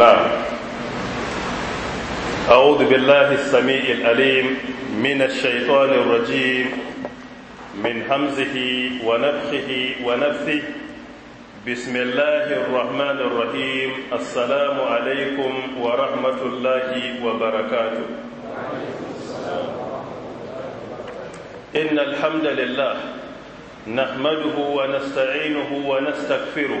نعم أعوذ بالله السميع الأليم من الشيطان الرجيم من همزه ونفخه ونفثه بسم الله الرحمن الرحيم السلام عليكم ورحمة الله وبركاته إن الحمد لله نحمده ونستعينه ونستغفره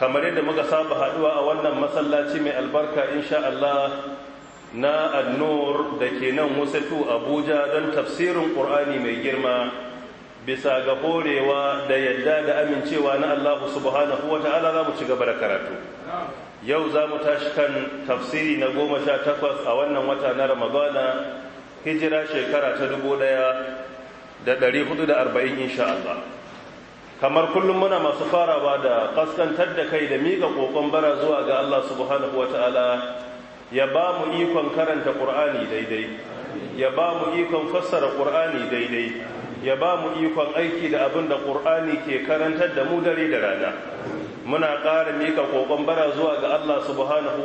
kamar yadda muka saba haduwa a wannan masallaci mai albarka insha Allah na annur da ke nan wasatu abuja don tafsirin ƙur'ani mai girma bisa ga horewa da yadda da amincewa na Allahu subhanahu wa ta'ala za mu ci gaba da karatu yau za mu tashi kan tafsiri na goma sha takwas a wannan wata na ramadana hijira shekara ta dubu ɗaya da ɗari hudu da arba'in insha Allah kamar kullum muna masu farawa da kaskantar da kai da miƙa ƙoƙon bara zuwa ga Allah subhanahu wa ta'ala ya ba mu ikon karanta ƙur'ani daidai ya ba mu ikon fassara ƙur'ani daidai ya ba mu ikon aiki da abin da ƙur'ani ke karantar da mu dare da rana muna ƙara miƙa ƙoƙon bara zuwa ga Allah subhanahu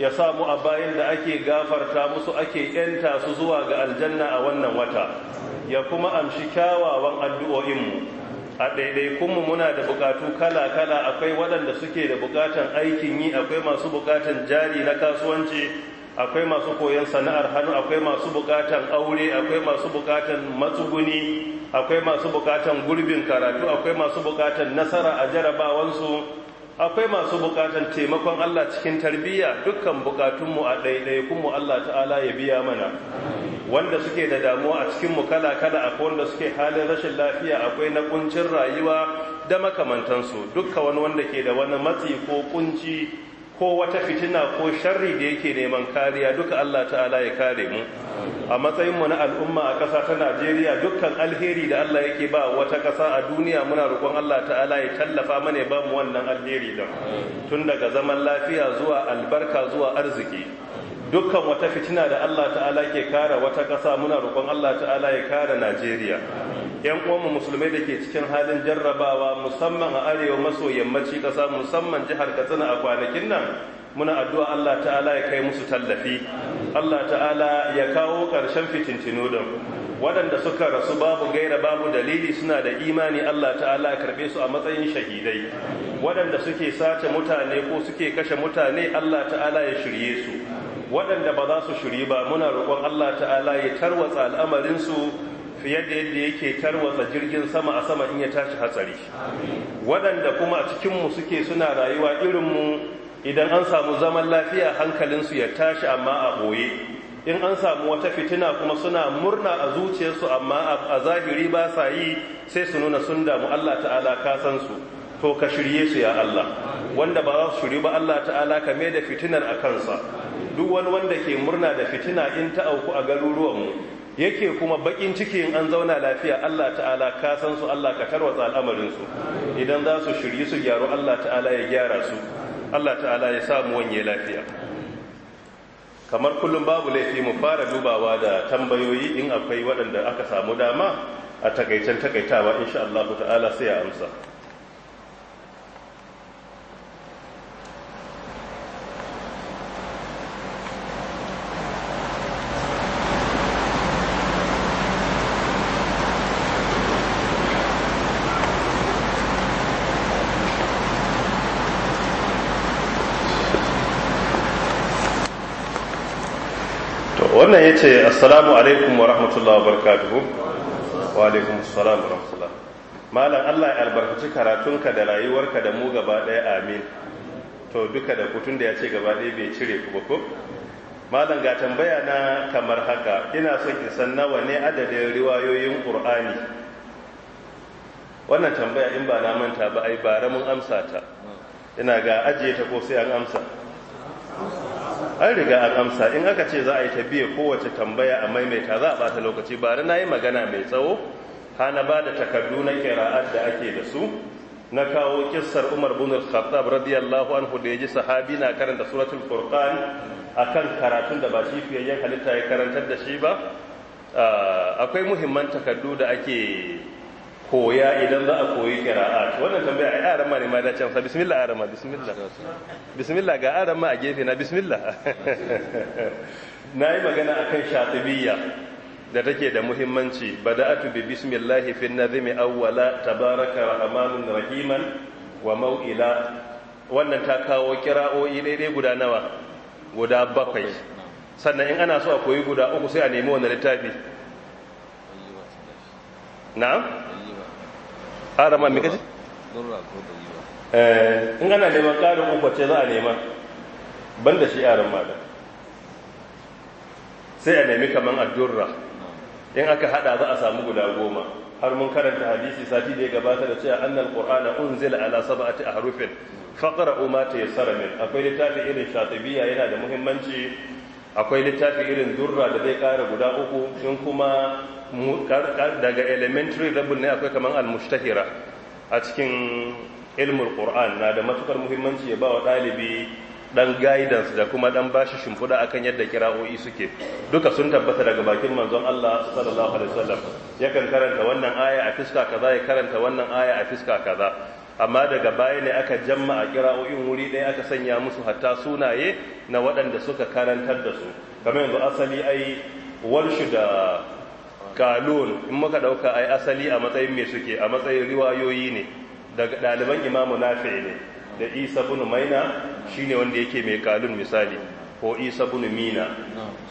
ya ya mu a bayan da ake gafarta musu ake ‘yanta su zuwa ga aljanna a wannan wata ya kuma amshi kyawawan addu'o'inmu a ɗaiɗaikunmu muna da bukatu kala-kala akwai waɗanda suke da bukatan aikin yi akwai masu bukatan jari na kasuwanci akwai masu koyon sana'ar hannu akwai masu bukatan aure akwai masu bukatan matsuguni akwai masu bukatan gurbin karatu akwai masu bukatan nasara a jarabawansu akwai masu bukatar taimakon Allah cikin tarbiyya dukkan bukatunmu a kunmu Allah ta'ala ya biya mana wanda suke da damuwa a cikinmu kala-kala a wanda suke halin rashin lafiya akwai na ƙuncin rayuwa da makamantansu dukka wani wanda ke da wani matsi ko ƙunci. ko wata fitina ko sharri da yake neman kariya duka Allah ta'ala ya kare mu a matsayin mu na al'umma a ƙasa ta Najeriya dukkan alheri da Allah yake ba wata ƙasa a duniya muna roƙon Allah ta'ala ya tallafa mana ya ba mu wannan alheri din tun daga zaman lafiya zuwa albarka zuwa arziki dukkan wata fitina da Allah ta'ala ke kara wata ƙasa muna roƙon Allah ta'ala ya kara Najeriya yan uwanmu musulmai da ke cikin halin jarrabawa musamman a arewa maso yammaci ƙasa musamman jihar katsina a kwanakin nan muna addu'a Allah ta'ala ya kai musu tallafi Allah ta'ala ya kawo ƙarshen fitintinu din waɗanda suka rasu babu gaira babu dalili suna da imani Allah ta'ala ya karɓe su a matsayin shahidai waɗanda suke sace mutane ko suke kashe mutane Allah ta'ala ya shirye su waɗanda ba za su shiri ba muna roƙon Allah ta'ala ya tarwatsa al'amarin su fiye da yadda yake tarwatsa jirgin sama a sama in ya tashi hatsari waɗanda kuma a cikinmu suke suna rayuwa irinmu idan an samu zaman lafiya hankalinsu ya tashi amma a ɓoye in an samu wata fitina kuma suna murna a zuciyarsu amma a zahiri ba sa yi sai su nuna sun damu Allah ta'ala ka san su to ka shirye su ya Allah wanda ba za su shiri ba Allah ta'ala ka mai da fitinar a kansa duk wani wanda ke murna da fitina in ta auku a garuruwanmu yake kuma bakin ciki in an zauna lafiya Allah ta'ala ka san su Allah ka tarwatsa al'amarin su idan za su shirye su gyaru Allah ta'ala ya gyara su Allah ta'ala ya samu wanye lafiya kamar kullum babu laifi mu fara dubawa da tambayoyi in akwai waɗanda aka samu dama a takaicen takaitawa insha Allah ta'ala sai ya amsa wannan ya ce assalamu alaikum wa rahmatullahi wa barakatuhu wa alaikum assalam wa rahmatullah malam Allah ya albarkaci karatunka da rayuwarka da mu gaba ɗaya amin to duka da kutun da ya ce gaba ɗaya bai cire ku ba ko malam ga tambaya na kamar haka ina son in san nawa ne adadin riwayoyin qur'ani wannan tambaya in ba na manta ba ai bara mun amsa ta ina ga ajiye ta ko sai an amsa an riga an amsa in aka ce za a yi biye kowace tambaya a maimaita za a bata lokaci bari na yi magana mai tsawo hana ba da takardu na kira'ar da ake da su na kawo kissar umar bin al-khattab radiyallahu anhu da yaji sahabi na karanta suratul furqan kan karatun da ba shi fiyayyen halitta ya karantar da shi ba ah, akwai muhimman takardu da ake koya idan za a koyi kira'a wannan tambaya a yaran ma ne ma da amsa bismillah aran ma bismillah bismillah ga yaran ma a gefe na bismillah yi magana kan shatibiyya da take da muhimmanci bada'atu bi bismillah fi nazmi awwala tabaraka rahmanun rahiman wa mau'ila wannan ta kawo kira'o'i daidai guda nawa guda bakwai sannan in ana so a koyi guda uku sai a nemi wannan littafi na'am ƙara ma mikaci? Eh, in ana neman ƙarin ukwace za a nema ban da shi yaran mata sai a nemi kaman addurra in aka hada za a samu guda goma har mun karanta hadisi sati da ya gabata da cewa annal qur'ana unzila ala sab'ati ahrufin faqra'u ma tayassara min akwai littafi irin shatibiya yana da muhimmanci akwai littafi irin durra da zai kara guda uku in kuma daga elementary level ne akwai kamar al mustahira a cikin ilmul qur'an na da matukar muhimmanci ya bawa dalibi dan guidance da kuma dan bashi shimfuda akan yadda kira'o'i suke duka sun tabbata daga bakin manzon Allah sallallahu alaihi wasallam yakan karanta wannan aya a fiska kaza ya karanta wannan aya a fiska kaza amma daga baya ne aka jamma a kira'o'in wuri ɗaya aka sanya musu hatta sunaye na waɗanda suka karantar da su kamar yanzu asali ai walshu da kalun in muka ɗauka ai asali a matsayin me suke a matsayin riwayoyi ne daga daliban imamu nafe ne da isa bin maina shine wanda yake mai kalun misali ko isa bin mina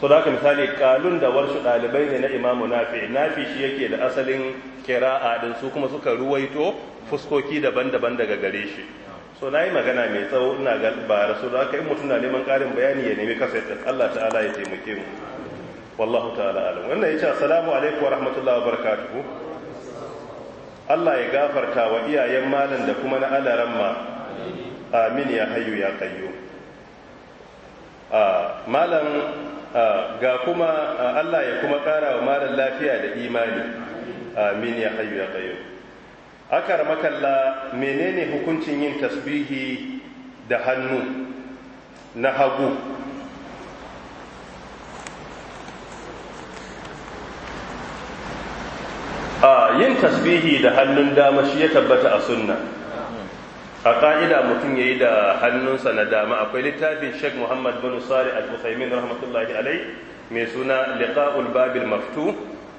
so da haka misali kalun da warshi dalibai ne na imamu nafe nafi shi yake da asalin kira'a din su kuma suka ruwaito fuskoki daban-daban daga gare shi so na yi magana mai tsawo ina ga ba so da haka in mutum na neman ƙarin bayani ya nemi kasaitin allah ta'ala ya taimake mu wallahu ta'ala alam wannan yace assalamu alaikum wa rahmatullahi wa barakatuhu Allah ya gafarta wa iyayen malam da kuma na alaran ma amin ya hayyu ya qayyum malan ga kuma Allah ya kuma kara wa malam lafiya da imani amin ya hayyu ya qayyum akar makalla menene hukuncin yin tasbihi da hannu na hagu a yin tasbihi da hannun dama shi ya tabbata a sunna a ƙa'ida mutum ya yi da hannunsa na dama akwai littafin sheikh muhammad bin sari al-bukhaimin rahmatullahi alai mai suna liqa'ul babil maftu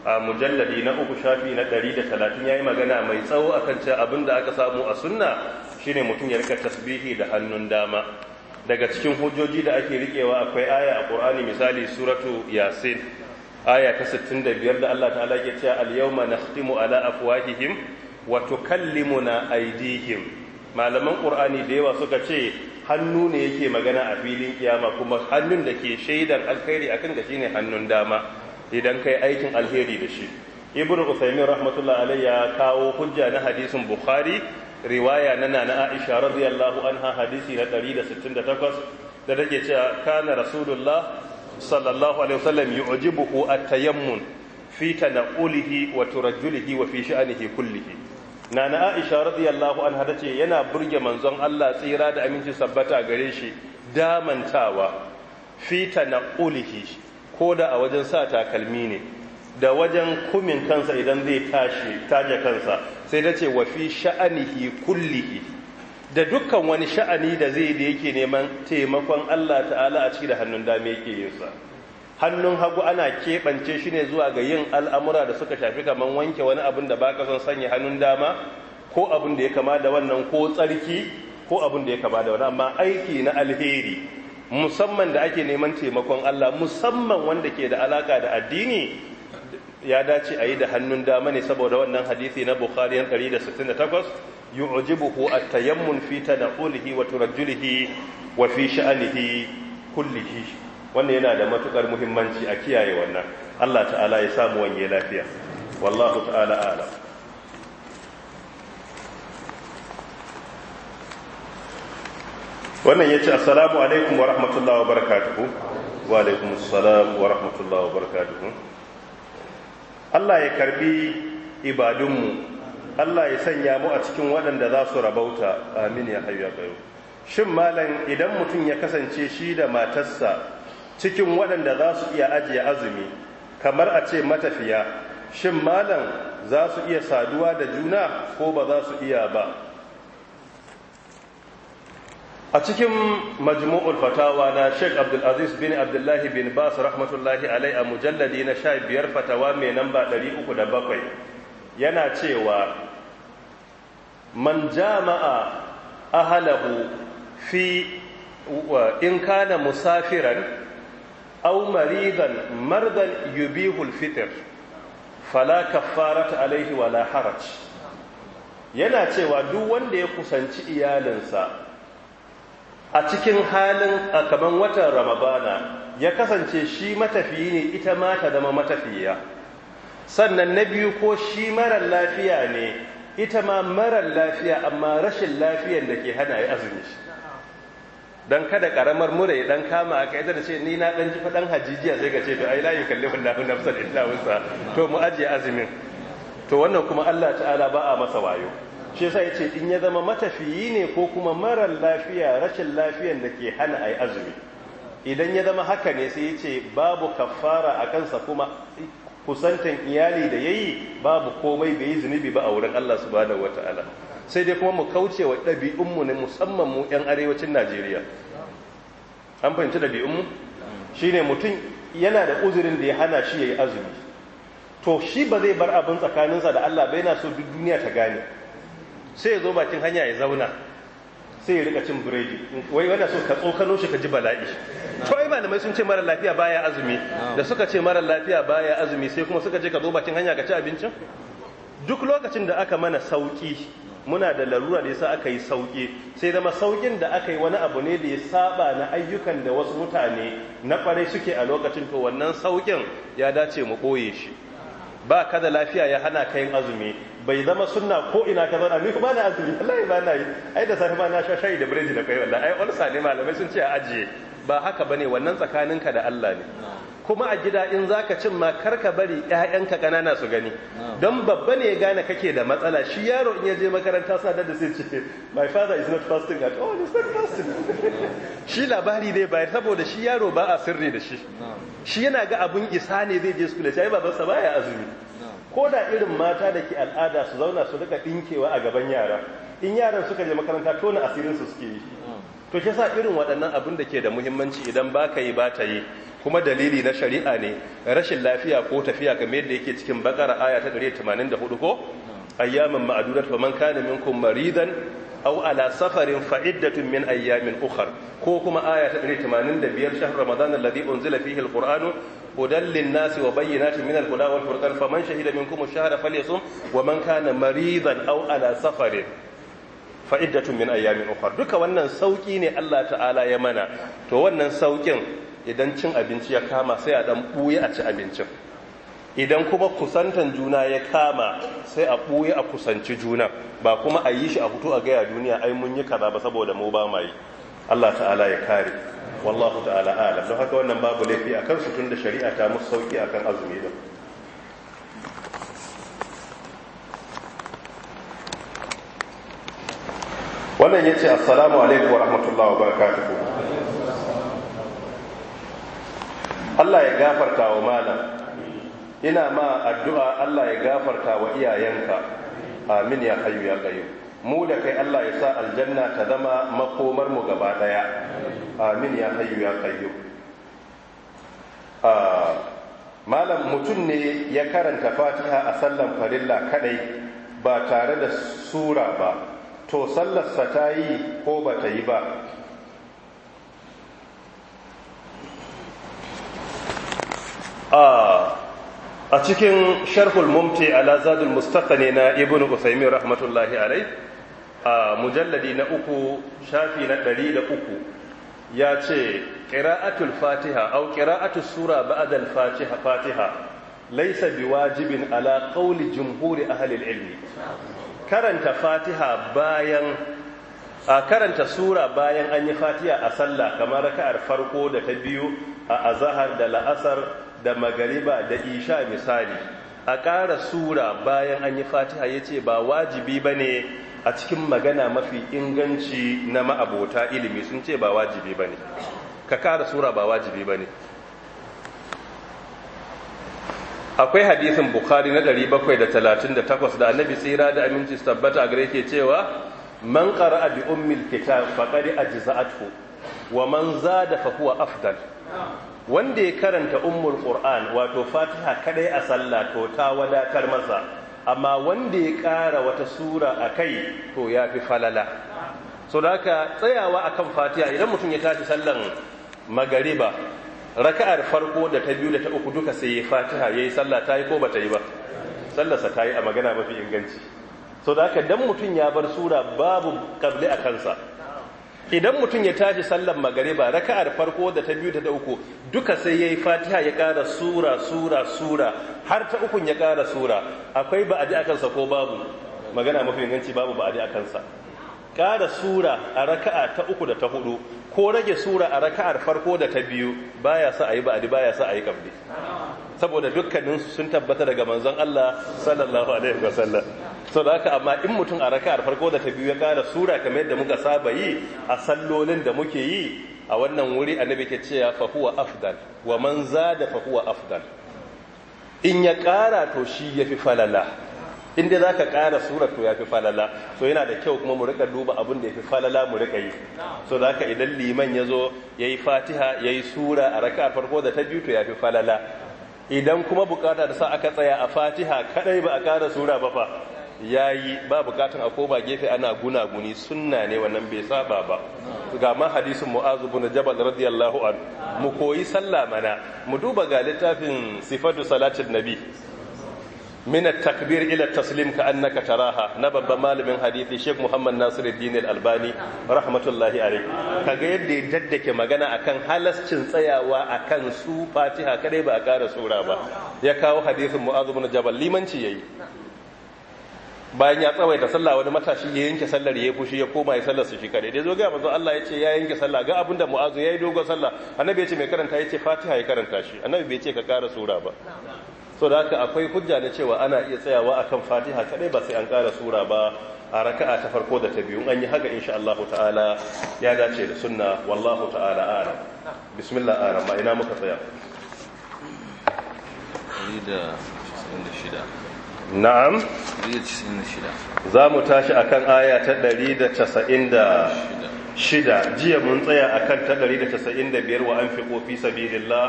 a mujalladi na uku shafi na ɗari da talatin ya yi magana mai tsawo akan kan abin da aka samu a sunna shine mutum ya rika tasbihi da hannun dama daga cikin hujjoji da ake rikewa akwai aya a ƙur'ani, misali suratu yasin aya ta 65 da Allah ta'ala ke cewa al-yawma nakhtimu ala afwahihim wa tukallimuna aydihim malaman qur'ani da yawa suka ce hannu ne yake magana a filin kiyama kuma hannun da ke shaidar alkhairi akan ga shine hannun dama idan kai aikin alheri da shi ibnu usaymin rahmatullah alayhi ya kawo hujja na hadisin bukhari riwaya na nana aisha radiyallahu anha hadisi na 168 da take cewa kana rasulullah sallallahu alaihi wasallam yu'jibuhu at-tayammun fi tanqulihi wa turajjulihi wa fi sha'nihi kullihi nana Aisha radiyallahu anha tace yana burge manzon Allah tsira da aminci sabbata gare shi damantawa fi tanqulihi da a wajen sa takalmi ne da wajen kumin kansa idan zai tashi taje kansa sai tace wa fi sha'nihi kullihi da dukkan wani sha'ani da zai da yake neman taimakon Allah ta'ala a ciki da hannun dama yake yin sa hannun hagu ana keɓance shi ne zuwa ga yin al'amura da suka shafi kamar wanke wani abin da baka son sanya hannun dama ko abin da ya kama da wannan ko tsarki ko abin da ya kama da wannan amma aiki na alheri musamman da ake neman taimakon Allah musamman wanda ke da alaka da addini ya dace a yi da hannun dama ne saboda wannan hadisi na bukhari 168 yu'jibuhu at-tayammun fi tadakhulihi wa turajjulihi wa fi sha'anihi kullihi wannan yana da matukar muhimmanci a kiyaye wannan Allah ta'ala ya samu wani lafiya wallahu ta'ala a'lam wannan yace assalamu alaikum wa rahmatullahi wa barakatuhu wa alaikumus salam wa rahmatullahi wa barakatuhu Allah ya karbi ibadunmu Allah ya sanya mu a cikin waɗanda za su rabauta amin ya hayu ya shin malam idan mutum ya kasance shi da matarsa cikin waɗanda za su iya ajiye azumi kamar a ce matafiya shin malam za su iya saduwa da juna ko ba za su iya ba a cikin majmu'ul fatawa na sheikh abdulaziz bin abdullahi bin bas rahmatullahi alai a mujalladi na sha biyar fatawa mai namba 307 yana cewa man jama'a ahalahu fi in kana musafiran aw maridan mardan yubihul fitr fala kaffarata alaihi wala haraj yana cewa duk wanda ya kusanci iyalinsa a cikin halin a kaman watan Ramabana, ya kasance shi matafiya ne ita ma ta zama matafiya sannan na biyu ko shi marar lafiya ne ita ma marar lafiya amma rashin lafiyan da ke hana ya azumi shi don kada karamar ya dan kama a da ce ni na dan jifa jiya hajijiya sai ka ce to ai la yukallifu Allahu nafsar illa wusa to mu ajiye azumin to wannan kuma Allah ta'ala ba a masa wayo shi yasa ce, in ya zama matafiyi ne ko kuma marar lafiya rashin lafiyan da ke hana ai azumi idan ya zama haka ne sai ya ce, babu kaffara a kansa kuma kusantan iyali da ya yi, babu komai bai yi zunubi ba a wurin Allah subhanahu wataala sai dai kuma mu kauce wa ɗabi'unmu ne musamman mu 'yan arewacin Najeriya an fahimci ɗabi'unmu ne mutum yana da uzurin da ya hana shi ya yi azumi to shi ba zai bar abin tsakaninsa da Allah ba yana so duk duniya ta gane sai ya zo bakin hanya ya zauna sai ya rika cin biredi wai wanda so ka tsokano shi ka ji bala'i to ai malamai sun ce mara lafiya baya azumi da suka ce mara lafiya baya azumi sai kuma suka ce ka zo bakin hanya ka ci abincin duk lokacin da aka mana sauki muna da larura da yasa aka yi sauki sai zama saukin da aka yi wani abu ne da ya saba na ayyukan da wasu mutane na kwarai suke a lokacin to wannan saukin ya dace mu koye shi ba ka da lafiya ya hana ka yin azumi bai zama sunna ko ina ka zauna ni ba na azumi Allah ya yi ai da safe ma na sha shayi da biredi da kai wallahi ai ulsa ne malamai sun ce a ajiye ba haka bane wannan tsakanin ka da Allah ne kuma a gida in zaka cin ma karka bari ƴaƴanka kanana su gani don babba ne ya gane kake da matsala shi yaro in ya je makaranta sa da sai ce my father is not fasting at all is not fasting shi labari ne bayar saboda shi yaro ba a sirri da shi shi yana ga abun isa ne zai je school sai babansa baya azumi ko da irin mata da ke al'ada su zauna su rika ɗinkewa a gaban yara in yaran suka je makaranta tona asirin su suke yi to shi sa irin waɗannan abin da ke da muhimmanci idan ba ka yi ba ta yi kuma dalili na shari'a ne rashin lafiya ko tafiya game da yake cikin bakar aya ta 184 ko ayyamin fa man kana minkum maridan aw ala safarin fa iddatun min ayyamin ukhra ko kuma aya ta 185 shahr ramadan alladhi unzila fihi alquranu hudan linnasi wa bayyanati min al-huda wal furqan faman shahida minkum ash-shahra falyasum wa man kana maridan aw ala safarin fa iddatun min ayyamin ukhra duka wannan sauki ne Allah ta'ala ya mana to wannan saukin idan cin abinci ya kama sai a dan buye a ci abincin idan kuma kusantan juna ya kama sai a buye a kusanci juna ba kuma a yi shi a hutu a gaya duniya ai mun yi kaza ba saboda mu ba ma Allah ta'ala ya kare wallahu ta'ala alam don haka wannan babu laifi a kansu tun da shari'a ta musu sauki akan azumi din wannan ya ce assalamu alaikum wa rahmatullahi wa barakatuhu Allah ya gafarta wa malam ina ma addu'a Allah ya gafarta wa iyayenka amin ya hayyu ya qayyum mu da kai Allah ya sa aljanna ta zama makomar mu gaba daya amin ya hayyu ya qayyum ah, malam mutum ne ya karanta fatiha a sallan farilla kadai ba tare da sura ba to sallarsa ta yi ko ba ta yi ba ah, a cikin sharhul mumti ala zadul mustaqani na ibnu usaymin rahmatullahi alai a mujalladi na uku shafi na ɗari da uku ya ce ƙira'atul fatiha au ƙira'atul sura ba'adal fatiha fatiha laisa bi wajibin ala ƙauli jumhuri ahalil ilmi karanta fatiha bayan a karanta sura bayan an yi fatiha a sallah kamar raka'ar farko da ta biyu a azahar da la'asar da magariba da isha misali a ƙara sura bayan an yi fatiha ya ce ba wajibi ba ne a cikin magana mafi inganci na ma'abota ilimi sun ce ba wajibi ba ne ka kara sura ba wajibi ba ne akwai hadisin bukhari na 738 da annabi tsira da aminci tabbata a gare ke cewa man qara'a bi ummil kitab faqad ajza'athu wa man za da fahuwa afdal wanda ya karanta ummul qur'an wato fatiha kadai a sallah to ta wadatar masa amma wanda ya ƙara wata sura a kai to ya fi falala so da haka tsayawa akan fatiha idan mutum ya tafi sallan magariba raka'ar farko da ta biyu da ta uku duka sai fatiha ya yi sallah ta yi ko ba ta yi ba sallarsa ta yi a magana mafi inganci so da haka dan mutum ya bar sura babu kabli a kansa idan mutum ya tashi sallar magariba raka'ar farko da ta biyu da ta uku duka sai yayi fatiha ya ƙara sura sura sura har ta ukun ya ƙara sura akwai ba a ji akan sa ko babu magana mafi inganci babu ba a ji akan sa ƙara sura a raka'a ta uku da ta hudu ko rage sura a raka'ar farko da ta biyu baya sa ayi ba'adi baya sa ayi kabli saboda dukkaninsu sun tabbata daga manzon Allah sallallahu alaihi wasallam So da haka amma in mutum a raka'ar farko da ta biyu ya kara sura kamar yadda muka saba yi a sallolin da muke yi a wannan wuri annabi ke cewa fa huwa afdal wa man zada fa huwa afdal in ya kara to shi yafi falala in dai zaka kara sura to yafi falala so yana da kyau kuma mu rika duba abin da yafi falala mu rika yi so haka idan liman yazo yayi fatiha yayi sura a raka'ar farko da ta biyu to yafi falala idan kuma bukata da sa aka tsaya a fatiha kadai ba a kara sura ba fa ya yi ba bukatan a koma gefe ana gunaguni sunna ne wannan bai saba ba ga ma hadisin mu'azu bin jabal radiyallahu an mu koyi sallah mana mu duba ga littafin sifatu salatin nabi Mina takbir ila taslim ka annaka taraha na babban malamin hadisi Sheikh Muhammad nasir Al-Albani al rahmatullahi Ka kaga yadda ya daddake magana akan halascin tsayawa akan su Fatiha kadai ba a kara sura ba ya kawo hadisin Mu'adh bin Jabal limanci yayi bayan ya tsawai da sallah wani matashi ya yanke sallar ya fushi ya koma ya sallar su shi kare dai zo ga manzo Allah ya ce ya yanke sallah ga abin da mu'azu yi dogon sallah annabi ya ce mai karanta ya ce fatiha ya karanta shi annabi bai ce ka kara sura ba so da haka akwai hujja na cewa ana iya tsayawa akan fatiha kadai ba sai an kara sura ba a raka'a ta farko da ta biyu an yi haka insha Allah ta'ala ya dace da sunna wallahu ta'ala ala bismillah ala ma ina muka tsaya na'am za mu tashi akan aya ta 196 jiya mun tsaya akan ta 195 wa an fi sabilillah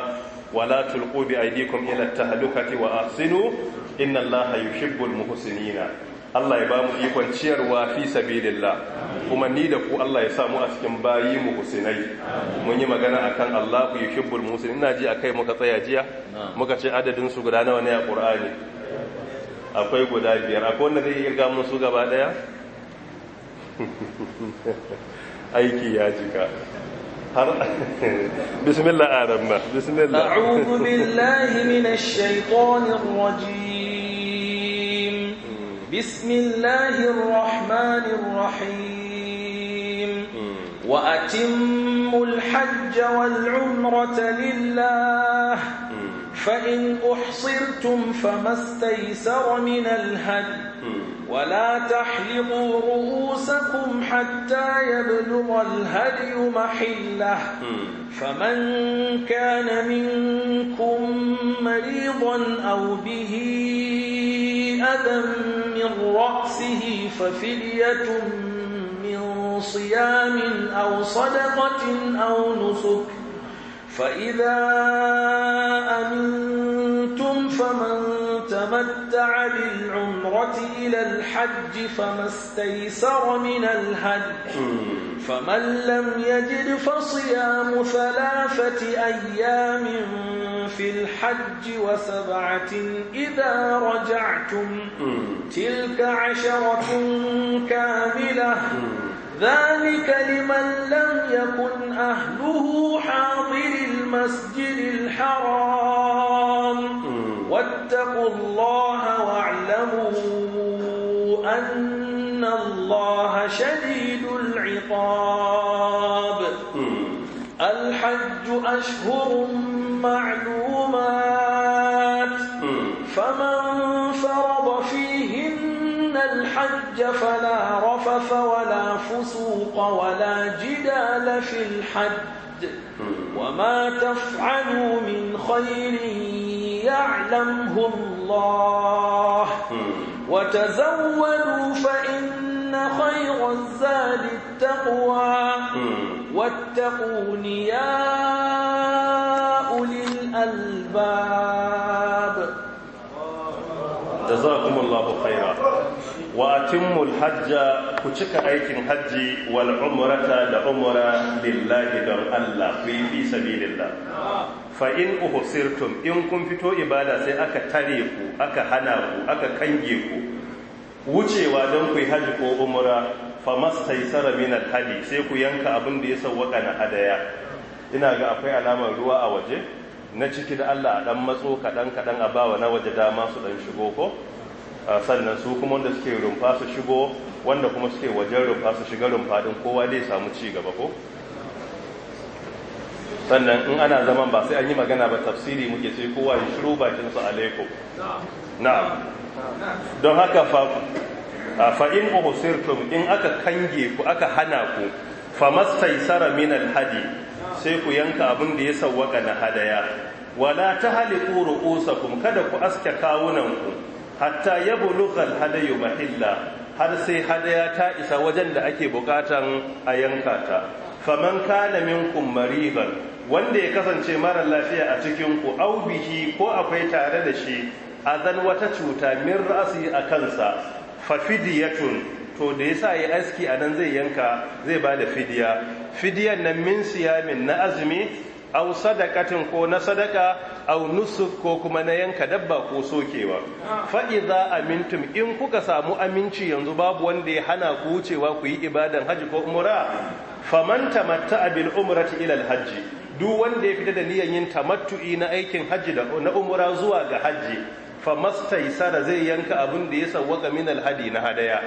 wala tulqu bi aydikum ila halukati wa ahsinu inna allaha yuhibbul muhsinina Allah ya ba mu ikon ciyarwa fi sabilillah kuma ni da ku Allah ya samu a cikin bayi mu husinai mun yi magana akan Allah ku yuhibbul muhsinin ina ji akai muka tsaya jiya muka ce adadin su guda nawa ne a Kur'ani? akwai guda biyar akwai wanda zai irga musu su gaba daya aiki ya jika har bismillah aramma bismillah a'udhu billahi minash shaitanir rajim hmm. bismillahir rahmanir rahim hmm. wa atimul hajja wal umrata lillah فإن أحصرتم فما استيسر من الهد ولا تحلقوا رؤوسكم حتى يبلغ الهدي محله فمن كان منكم مريضا أو به أذى من رأسه ففلية من صيام أو صدقة أو نسك فإذا أمنتم فمن تمتع بالعمرة إلى الحج فما استيسر من الهج فمن لم يجد فصيام ثلاثة أيام في الحج وسبعة إذا رجعتم تلك عشرة كاملة ذلك لمن لم يكن أهله حاضر المسجد الحرام واتقوا الله واعلموا أن الله شديد العقاب الحج أشهر معلومات فمن الحج فلا رفث ولا فسوق ولا جدال في الحج وما تفعلوا من خير يعلمه الله وتزودوا فإن خير الزاد التقوى واتقون يا أولي الألباب جزاكم الله خيرا wa atimmul hajja ku cika aikin hajji wal umrata da umra lillahi don Allah ku yi fi sabilillah fa in uhsirtum in kun fito ibada sai aka tare ku aka hana ku aka kange ku wucewa don ku hajji ko umra fa mastaysara min al hadi sai ku yanka abin da ya sawwaka na hadaya ina ga akwai alamar ruwa a waje na ciki da Allah a dan matso kadan kadan a bawa na waje dama su dan shigo ko sannan su kuma wanda suke rumfa su shigo wanda kuma suke wajen rumfa su shiga rumfa din kowa zai samu ci gaba ko sannan in ana zaman ba sai an yi magana ba tafsiri muke sai kowa ya shiru bakin su na'am don haka fa fa in uhsirtum in aka kange ku aka hana ku fa famastaisara min alhadi sai ku yanka abin da ya sawwaka na hadaya wala tahliqu ru'usakum kada ku aske kawunan ku hatta ya al-hadayu mahilla har sai hadaya ta isa wajen da ake bukatan a yanka ta faman kana minkum maridan wanda ya kasance mara lafiya a cikin ku au bihi ko akwai tare da shi azan wata cuta min ra'si a kansa fa fidyatun to da yasa yi aski anan zai yanka zai bada fidiya fidiyan nan min siyamin na azumi au sadakatin ko na sadaka au nusuf ko kuma na yanka dabba ko sokewa faɗi za amintum in kuka samu aminci yanzu babu wanda ya hana ku wucewa ku yi ibadan haji ko umra faman a bil umrati ila al hajji duk wanda ya fita da niyan yin tamattu'i na aikin hajji da na umra zuwa ga hajji famastaisara zai yanka abin da ya sawwaka min al hadi na hadaya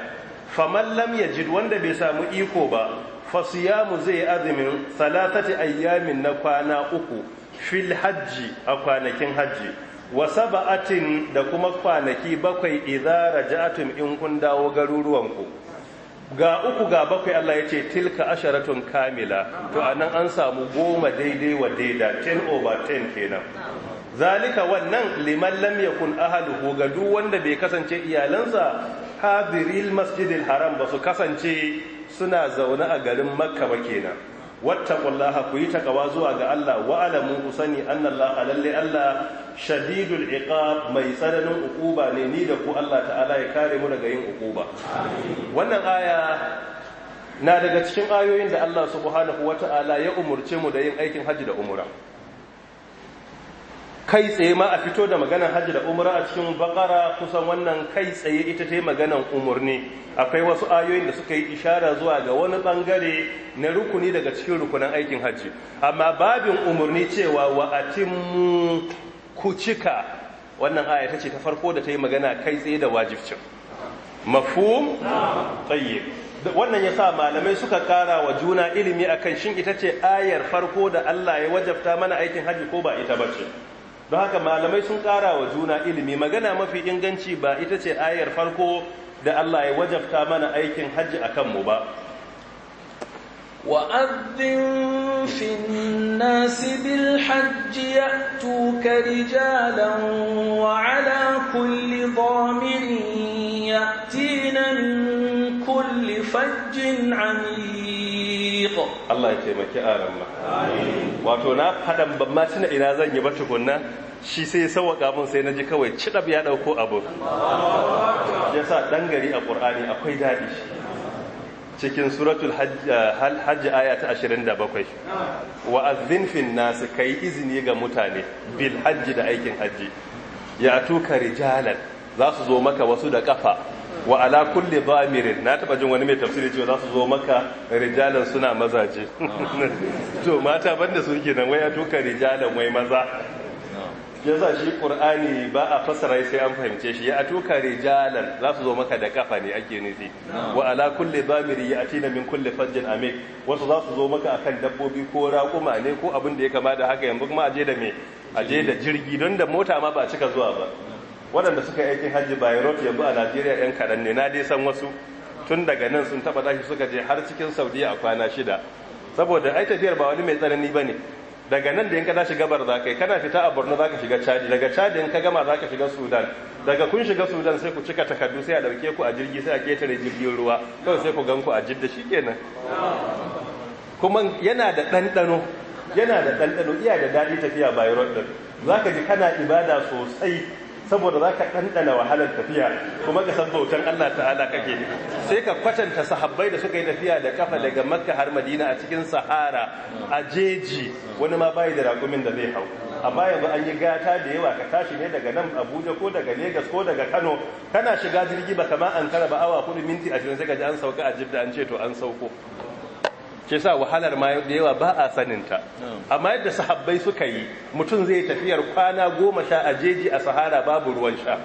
faman lam yajid wanda bai samu iko ba fasiyamu zai azumin salatati ayyamin na kwana uku fil hajji a kwanakin hajji wa saba'atin da kuma kwanaki bakwai idza raja'atum in kun dawo garuruwanku ga uku ga bakwai Allah ya ce tilka asharatun kamila to anan an samu goma daidai wa daida 10 over 10 kenan zalika wannan liman lam yakun ahluhu ga duk wanda bai kasance iyalansa hadiril masjidil haram ba su kasance suna zaune a garin makka ba kenan wattaqullaha ku yi takawa zuwa ga Allah wa alamu ku sani lalle Allah shadidul iqab mai tsananin ukuba ne ni da ku Allah ta'ala ya kare mu daga yin ukuba wannan aya na daga cikin ayoyin da Allah subhanahu wata'ala ya umurce mu da yin aikin hajji da umra kai tsaye ma a fito da maganan hajji da umara a cikin bakara kusan wannan kai tsaye ita ta yi maganan umarni akwai wasu ayoyin da suka yi ishara zuwa ga wani bangare na rukuni daga cikin rukunan aikin hajji amma babin umarni cewa wa a ku cika wannan aya ta ce ta farko da ta yi magana kai tsaye da wajibcin Mafu? tsaye wannan ya sa malamai suka kara wa juna ilimi akan shin ita ce ayar farko da Allah ya wajabta mana aikin hajji ko ba ita ba ce don haka malamai sun ƙara wa juna ilimi magana mafi inganci ba ita ce ayar farko da Allah ya wajabta mana aikin hajji a kanmu ba وأذن في hajji ya tuka rijalan wa'ala kulli ضامر ya من kulli fajjin an Allah ya taimaki aran wato na fadan ban tuna ina zan yi ba tukunna shi sai sauka mun sai naji kawai cidab ya ɗauko abu yasa dan gari a Qur'ani akwai dadi cikin suratul hajj eh, aya ta 27 wa azzin fin nas kai izini ga mutane bil hajj da aikin hajji ya tuka rijalan za su zo maka wasu da kafa wa ala kulli dhamirin na taba jin wani mai tafsiri cewa za su zo maka rijalan suna mazaje to mata banda su kenan wai a duka rijalan wai maza ya yasa shi qur'ani ba a fasara sai an fahimce shi ya tuka rijalan za su zo maka da kafa ne ake nufi wa ala kulli dhamiri yatina min kulli fajjin amik wasu za su zo maka akan dabbobi ko raƙuma ne ko abin da ya kama da haka yanzu kuma aje da me aje da jirgi don da mota ma ba cika zuwa ba waɗanda suka yi aikin hajji by yanzu a najeriya 'yan kaɗan ne na dai san wasu tun daga nan sun taɓa tashi suka je har cikin saudiya a kwana shida saboda ai tafiyar ba wani mai tsanani ba ne daga nan da yanka ka tashi gabar za ka yi kana fita a borno za ka shiga chadi daga chadi in ka gama za ka shiga sudan daga kun shiga sudan sai ku cika takardu sai a ɗauke ku a jirgi sai a ketare jirgin ruwa kawai sai ku gan ku a jidda shi kenan kuma yana da ɗanɗano yana da ɗanɗano iya da daɗi tafiya by road ɗin za ka ji kana ibada sosai saboda za ka ɗanɗana wahalar tafiya kuma ka san bautan Allah ta'ala kake sai ka kwatanta sahabbai da suka yi tafiya da kafa daga makka har madina a cikin sahara a jeji wani ma bayi da raƙumin da zai hau amma yanzu an yi gata da yawa ka tashi ne daga nan abuja ko daga Legas ko daga kano kana shiga jirgi ba kama an kara ba awa kudu minti ashirin sai ka ji an sauka a jibda an ce to an sauko ke sa wahalar ma da yawa ba a saninta amma yadda sahabbai suka yi mutum zai tafiyar kwana goma sha a jeji a sahara babu ruwan sha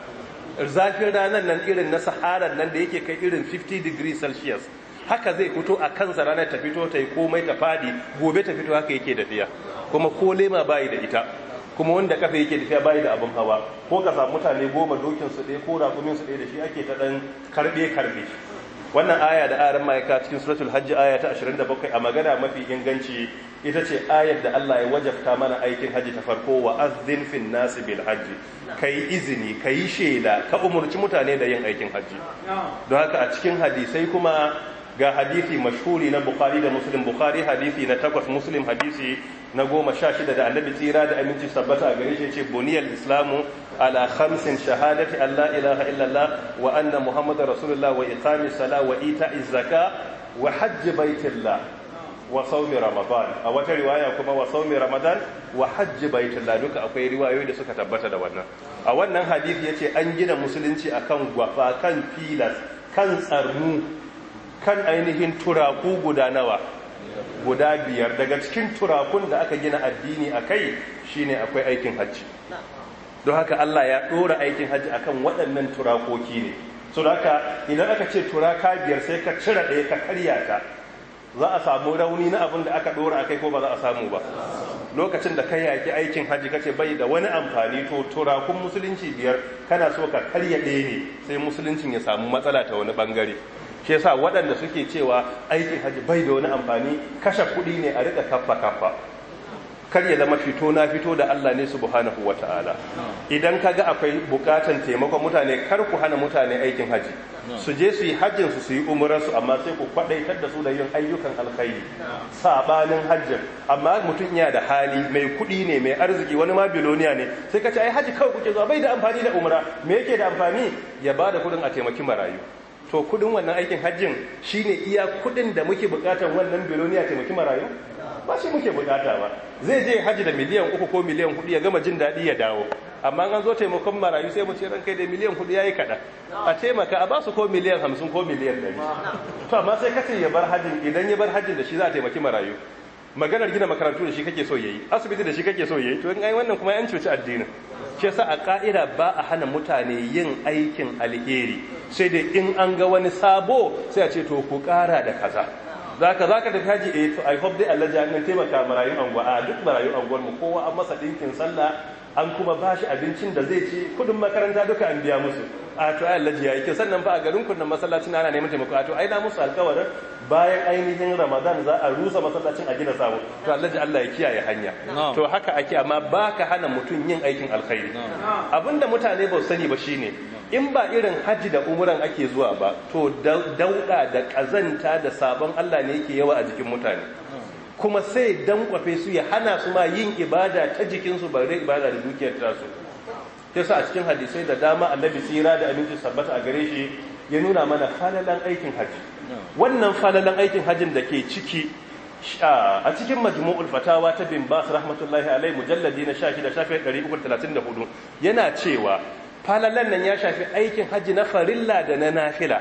zafin ranar nan irin na saharar nan da yake kai irin 50 degrees celsius haka zai fito a kansa ranar ta fito ta yi komai ta fadi gobe ta fito haka yake dafiya. kuma ko lema bayi da ita kuma wanda kafa yake tafiya bayi da abin hawa ko ka samu mutane goma dokin su ɗaya ko rakumin su ɗaya da shi ake ta ɗan karɓe karɓe wannan aya da aran ma'aika cikin suratul hajji aya ta 27 a magana mafi inganci ita ce ayar da Allah ya wajabta mana aikin hajji ta farko wa azzin fin nasi bil hajji kai izini kai shaida, ka umurci mutane da yin aikin hajji don haka a cikin hadisai kuma ga hadisi mashhuri na bukhari da muslim bukhari hadisi na takwas muslim hadisi na goma sha shida da annabi tsira da aminci sabbata a gare shi ce buniyar islamu على خمس شهادة أن لا إله إلا الله وأن محمد رسول الله وإقام الصلاة وإيتاء الزكاة وحج بيت الله وصوم رمضان أو رواية كما وصوم رمضان وحج بيت الله duka akwai riwayoyi da suka tabbata da wannan a wannan hadisi yace an gina musulunci akan gwafa kan filas kan tsarnu kan ainihin turaku guda nawa guda biyar daga cikin turakun da aka gina addini akai shine akwai aikin hajji don haka Allah ya ɗora aikin hajji akan waɗannan turakoki ne so da haka idan aka ce turaka biyar sai ka cire ɗaya ka karya ta za a samu rauni na abin da aka ɗora a kai ko ba za a samu ba lokacin da ka yaƙi aikin hajji kace bai da wani amfani to turakun musulunci biyar kana so ka karya ɗaya ne sai musuluncin ya samu matsala ta wani bangare Ke sa waɗanda suke cewa aikin hajji bai da wani amfani kashe kuɗi ne a riƙa kaffa kaffa kar ya zama fito na fito da Allah ne subhanahu ta'ala idan kaga akwai bukatan taimakon mutane kar ku hana mutane aikin haji su je su yi hajjin su su yi umrar su amma sai ku kwadaitar da su da yin ayyukan alkhairi sabanin hajjin amma mutum ya da hali mai kuɗi ne mai arziki wani ma biloniya ne sai ka ce ai haji kawai kuke zuwa bai da amfani da umra me yake da amfani ya bada kuɗin a taimaki marayu to kudin wannan aikin hajjin shine iya kudin da muke bukatan wannan biloniya taimaki marayu ba shi muke bukata ba zai je haji da miliyan uku ko miliyan hudu ya gama jin daɗi ya dawo amma an zo taimakon marayu sai mu ce ran kai da miliyan hudu ya yi kaɗan a taimaka a basu ko miliyan hamsin ko miliyan ɗari to amma sai kace ya bar hajin idan ya bar hajin da shi za a taimaki marayu maganar gina makarantu da shi kake so yayi asibiti da shi kake so yayi to in ai wannan kuma yan cuci addinin shi sa a ka'ida ba a hana mutane yin aikin alheri sai dai in an ga wani sabo sai a ce to ku kara da kaza zaka zaka tafi kaji eh to i hope dai Allah ya nan taimaka marayu anguwa a duk marayu anguwar mu kowa an masa dinkin sallah an kuma bashi abincin da zai ci kudin makaranta duka an biya musu a to ai Allah ya yake sannan ba a garin kunnan masallacin ana neman taimako a to ai na musu alƙawarin bayan ainihin ramadan za a rusa masallacin a gina sabo to ji Allah ya kiyaye hanya to haka ake amma baka hana mutum yin aikin alkhairi abinda mutane ba su sani ba shine in ba irin haji da umran ake zuwa ba to dauda da kazanta da sabon Allah ne yake yawa a jikin mutane kuma sai dankwafe su ya hana su ma yin ibada ta jikinsu bare ibada da dukiyar tasu yasa a cikin hadisai da dama annabi tsira da aminci sabbata a gare shi ya nuna mana halalan aikin haji wannan falalan aikin hajjin da ke ciki a cikin majmu'ul fatawa ta bin bas rahmatullahi alai mujalladi na da shafi 334 yana cewa falalan nan ya shafi aikin hajji na farilla da na nafila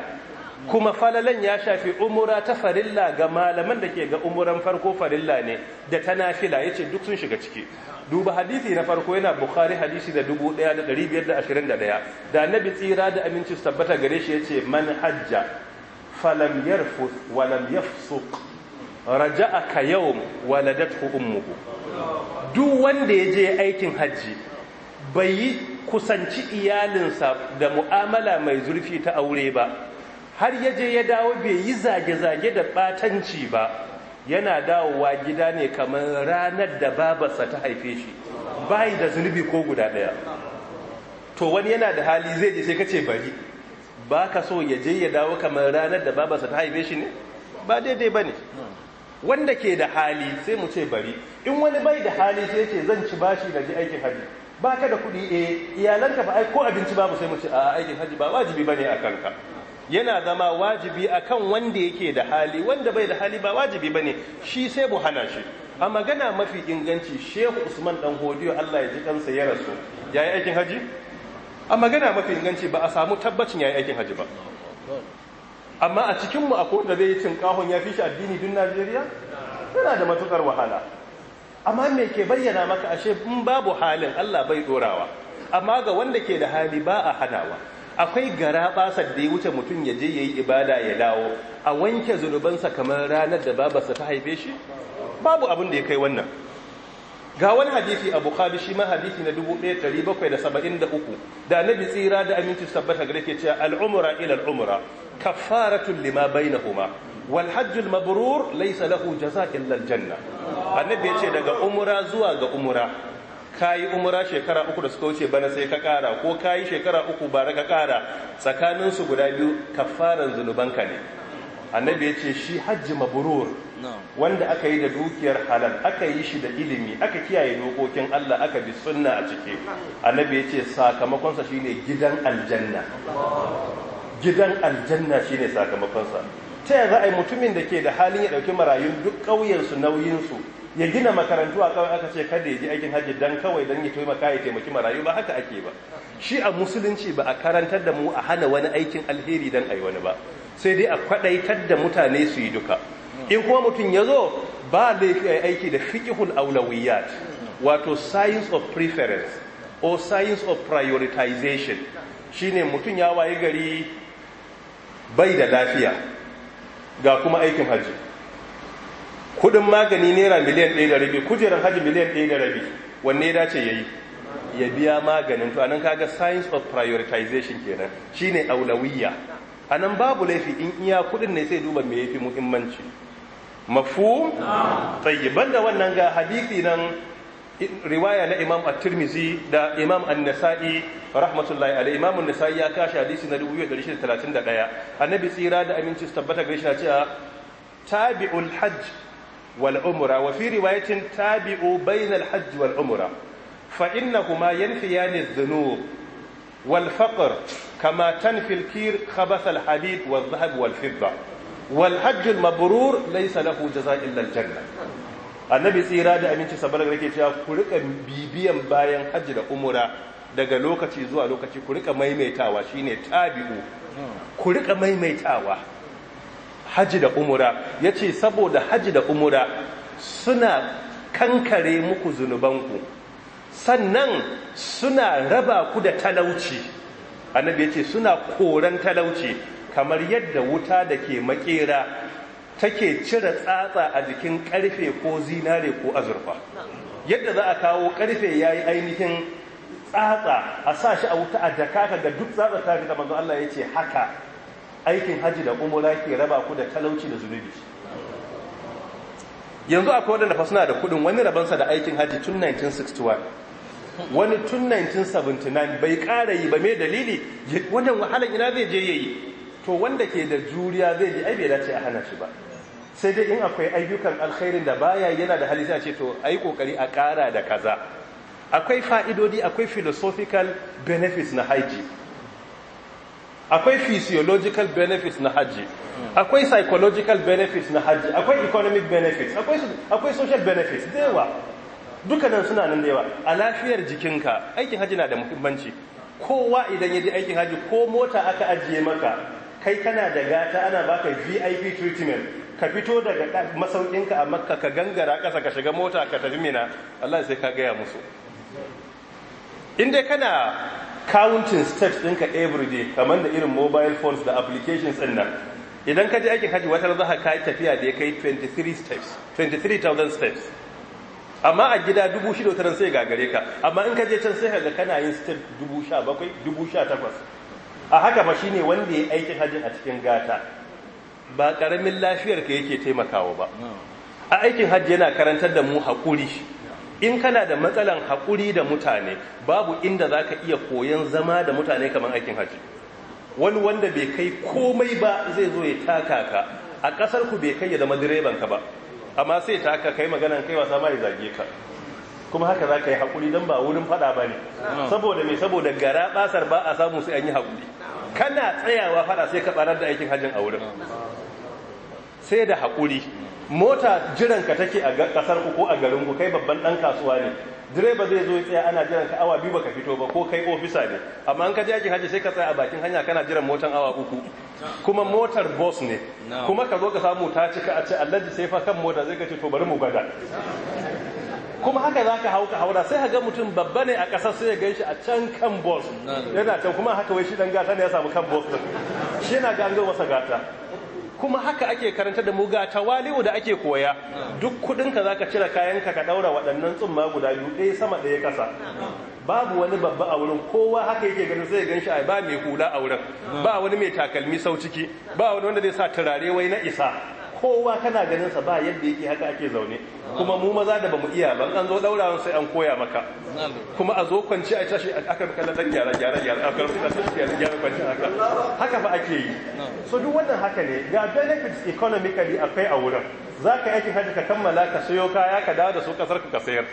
kuma falalan ya shafi umura ta farilla ga malaman da ke ga umuran farko farilla ne da ta nafila ya ce duk sun shiga ciki duba hadisi na farko yana bukhari hadisi da 1521 da annabi tsira da aminci su tabbata gare shi ya ce man hajja falam yarfuth walam yafsuq raja'a ka yawm waladathu ummuhu duk wanda ya je aikin hajji bai yi kusanci iyalinsa da mu'amala mai zurfi ta aure ba har ya je ya dawo bai yi zage-zage da batanci ba yana dawowa gida ne kamar ranar da babarsa ta haife shi bai da zunubi ko guda daya to wani yana da hali zai je sai kace bari ba ka so ya je ya dawo kamar ranar da babansa ta haife shi ne ba daidai ba ne wanda ke da hali sai mu ce bari in wani bai da hali sai ce zan ci bashi da ji aikin haji ba ka da kuɗi e iyalanka ba ai ko abinci babu sai mu ce a aikin haji ba wajibi ba ne a kanka yana zama wajibi a kan wanda yake da hali wanda bai da hali ba wajibi ba ne shi sai mu hana shi a magana mafi inganci shehu usman dan hodiyo allah ya ji kansa ya rasu ya yi aikin haji a magana mafi inganci ba a samu tabbacin yi aikin haji ba amma a cikinmu a akwai da zai yi cinkahon ya fi shi addini dun Najeriya yana da matukar wahala amma mai ke bayyana maka ashe in babu halin Allah bai ɗorawa. amma ga wanda ke da hali ba a hanawa akwai gara basar da ya wuce mutum ya je ya yi ibada ya dawo a wanke zunubansa kamar ranar da babarsa ta haife shi babu abin da ya kai wannan ga wani hadisi a bukhari shi ma hadisi na 1773 da annabi tsira da aminci tabbata gare ke cewa al'umra ila al'umra kafaratul lima bainahuma wal walhajjul mabrur laysa lahu jaza illa janna annabi ya ce daga umra zuwa ga umra kayi umra shekara uku da suka wuce bana sai ka kara ko kayi shekara uku bara ka kara tsakanin su guda biyu kafaran zunubanka ne annabi ya ce shi hajji mabrur wanda aka yi da dukiyar halal aka yi shi da ilimi aka kiyaye dokokin Allah aka bi sunna a cike annabi ya ce sakamakonsa shine gidan aljanna gidan aljanna shine sakamakonsa ta yanzu, mutumin da ke da halin ya ɗauki marayun duk ƙauyensu nauyinsu ya gina makarantu a kawai aka ce kada ya ji aikin hajji dan kawai dan ya taimaka ya taimaki marayu ba haka ake ba shi a musulunci ba a karantar da mu a hana wani aikin alheri dan yi wani ba sai dai a kwadaitar da mutane su yi duka in kuma mutum ya zo ba laifi aiki da fiƙihul aulawiyat wato science of preference or science of prioritization shine mutum ya waye gari bai da lafiya ga kuma aikin hajji kudin magani naira miliyan ɗaya da rabi kujerar hajji miliyan ɗaya da rabi wanne ya dace ya yi ya biya maganin to anan kaga science of prioritization kenan shine aulawiyya anan babu laifi in iya kudin ne sai duba me yafi muhimmanci mafu tayyiban da wannan ga hadisi nan riwaya na imam at-tirmizi da imam an-nasa'i rahmatullahi alaihi imam an-nasa'i ya kashi hadisi na 2631 annabi tsira da aminci tabbata gare shi na cewa tabi'ul hajj wal umra wa fi riwayatin tabi'u bainal hajj wal umra fa innahuma yanfiyani adh-dhunub wal faqr kama tanfi al-kir khabath al-hadid wal dhahab wal fidda wal maburur mabrur laysa lahu jazaa'un illa annabi tsira da aminci sabar rake cewa ku rika bibiyan bayan hajji da umura daga lokaci zuwa lokaci ku rika maimaitawa shine tabi'u ku rika maimaitawa hajji da umura yace saboda hajji da umura suna kankare muku zunubanku sannan suna raba ku da talauci annabi yace suna koran talauci kamar yadda wuta da ke makera take cire tsatsa a jikin karfe ko zinare ko azurfa yadda za a kawo karfe ya yi ainihin tsatsa a sa shi a wuta a jakaka ga duk tsatsa ta fi manzo Allah ya ce haka aikin haji da umura ke raba ku da talauci da zunubi yanzu akwai wadanda fa suna da kudin wani rabansa da aikin haji tun 1961 wani tun 1979 bai ƙara yi ba mai dalili wannan wahalar ina zai je yayi to wanda ke da juriya zai ji ai bai dace a hana shi ba sai dai in akwai ayyukan alkhairin da baya yana da hali sai a ce to ai kokari a ƙara da kaza akwai fa'idodi akwai philosophical benefits na haji akwai physiological benefits na haji akwai psychological benefits na haji akwai economic benefits akwai social benefits da yawa dukkanin suna nan da yawa a lafiyar jikinka aikin haji na da muhimmanci kowa idan ya aikin haji ko mota aka ajiye maka kai kana da gata ana baka vip treatment ka fito daga masaukinka a makka ka gangara ƙasa ka shiga mota ka tafi mina allah sai ka gaya musu in dai kana counting steps ɗinka everyday kamar da irin mobile phones da applications ɗin nan idan ka ji aikin haji wata za ka yi tafiya da ya kai 23 steps 23,000 steps amma a gida 6,000 sai gagare ka amma in ka je can sai ka ga kana yin step 17,000 18,000 a haka ba ne wanda ya aikin hajji a cikin gata ba karamin lafiyar ka yake taimakawa ba a aikin hajji yana karantar da mu haƙuri in kana da matsalan haƙuri da mutane babu inda za ka iya koyon zama da mutane kamar aikin hajji wani wanda bai kai komai ba zai zo ya taka ka a ƙasar ku bai kai ya zama direban ka ba amma sai taka kai maganan kai wasa mai zage ka kuma haka za ka yi haƙuri don ba wurin faɗa ba ne saboda mai saboda gara ɓasar ba a samu sai an yi haƙuri kana tsayawa fada sai ka tsarar da aikin hajjin a wurin sai da haƙuri mota jiranka take a ƙasar ku ko a garin ku kai babban ɗan kasuwa ne direba zai zo ya tsaya ana jiran ka awa biyu ka fito ba ko kai ofisa ne amma an ka je aikin hajji sai ka tsaya a bakin hanya kana jiran motan awa uku kuma motar bus ne kuma ka zo ka samu ta cika a ce allaji sai fa kan mota zai ka ce to bari mu gada kuma haka za ka hau ka haura sai ga mutum babba ne a ƙasar sai ya gan shi a can kan bos yana can kuma haka wai shi dan gata ne ya samu kan bos shi yana gangan masa gata kuma haka ake karanta da mu ga tawali'u da ake koya duk kuɗin za ka cire kayan ka daura waɗannan tsumma guda biyu ɗaya sama ɗaya kasa babu wani babba a wurin kowa haka yake ganin sai gan shi a ba mai hula a wurin ba wani mai takalmi sau ciki ba wani wanda zai sa turare wai na isa kowa kana ganin sa ba yadda yake haka ake zaune kuma mu maza da ba mu iya ban an zo daurawan sai an koya maka kuma a zo kwanci a tashi aka bi kallon gyara gyara gyara aka bi kallon gyara gyara kwanci haka haka ba ake yi so duk wannan haka ne ga benefits economically akwai a wurin zaka aiki hadi ka kammala ka sayo kaya ka dawo da su kasar ka sayar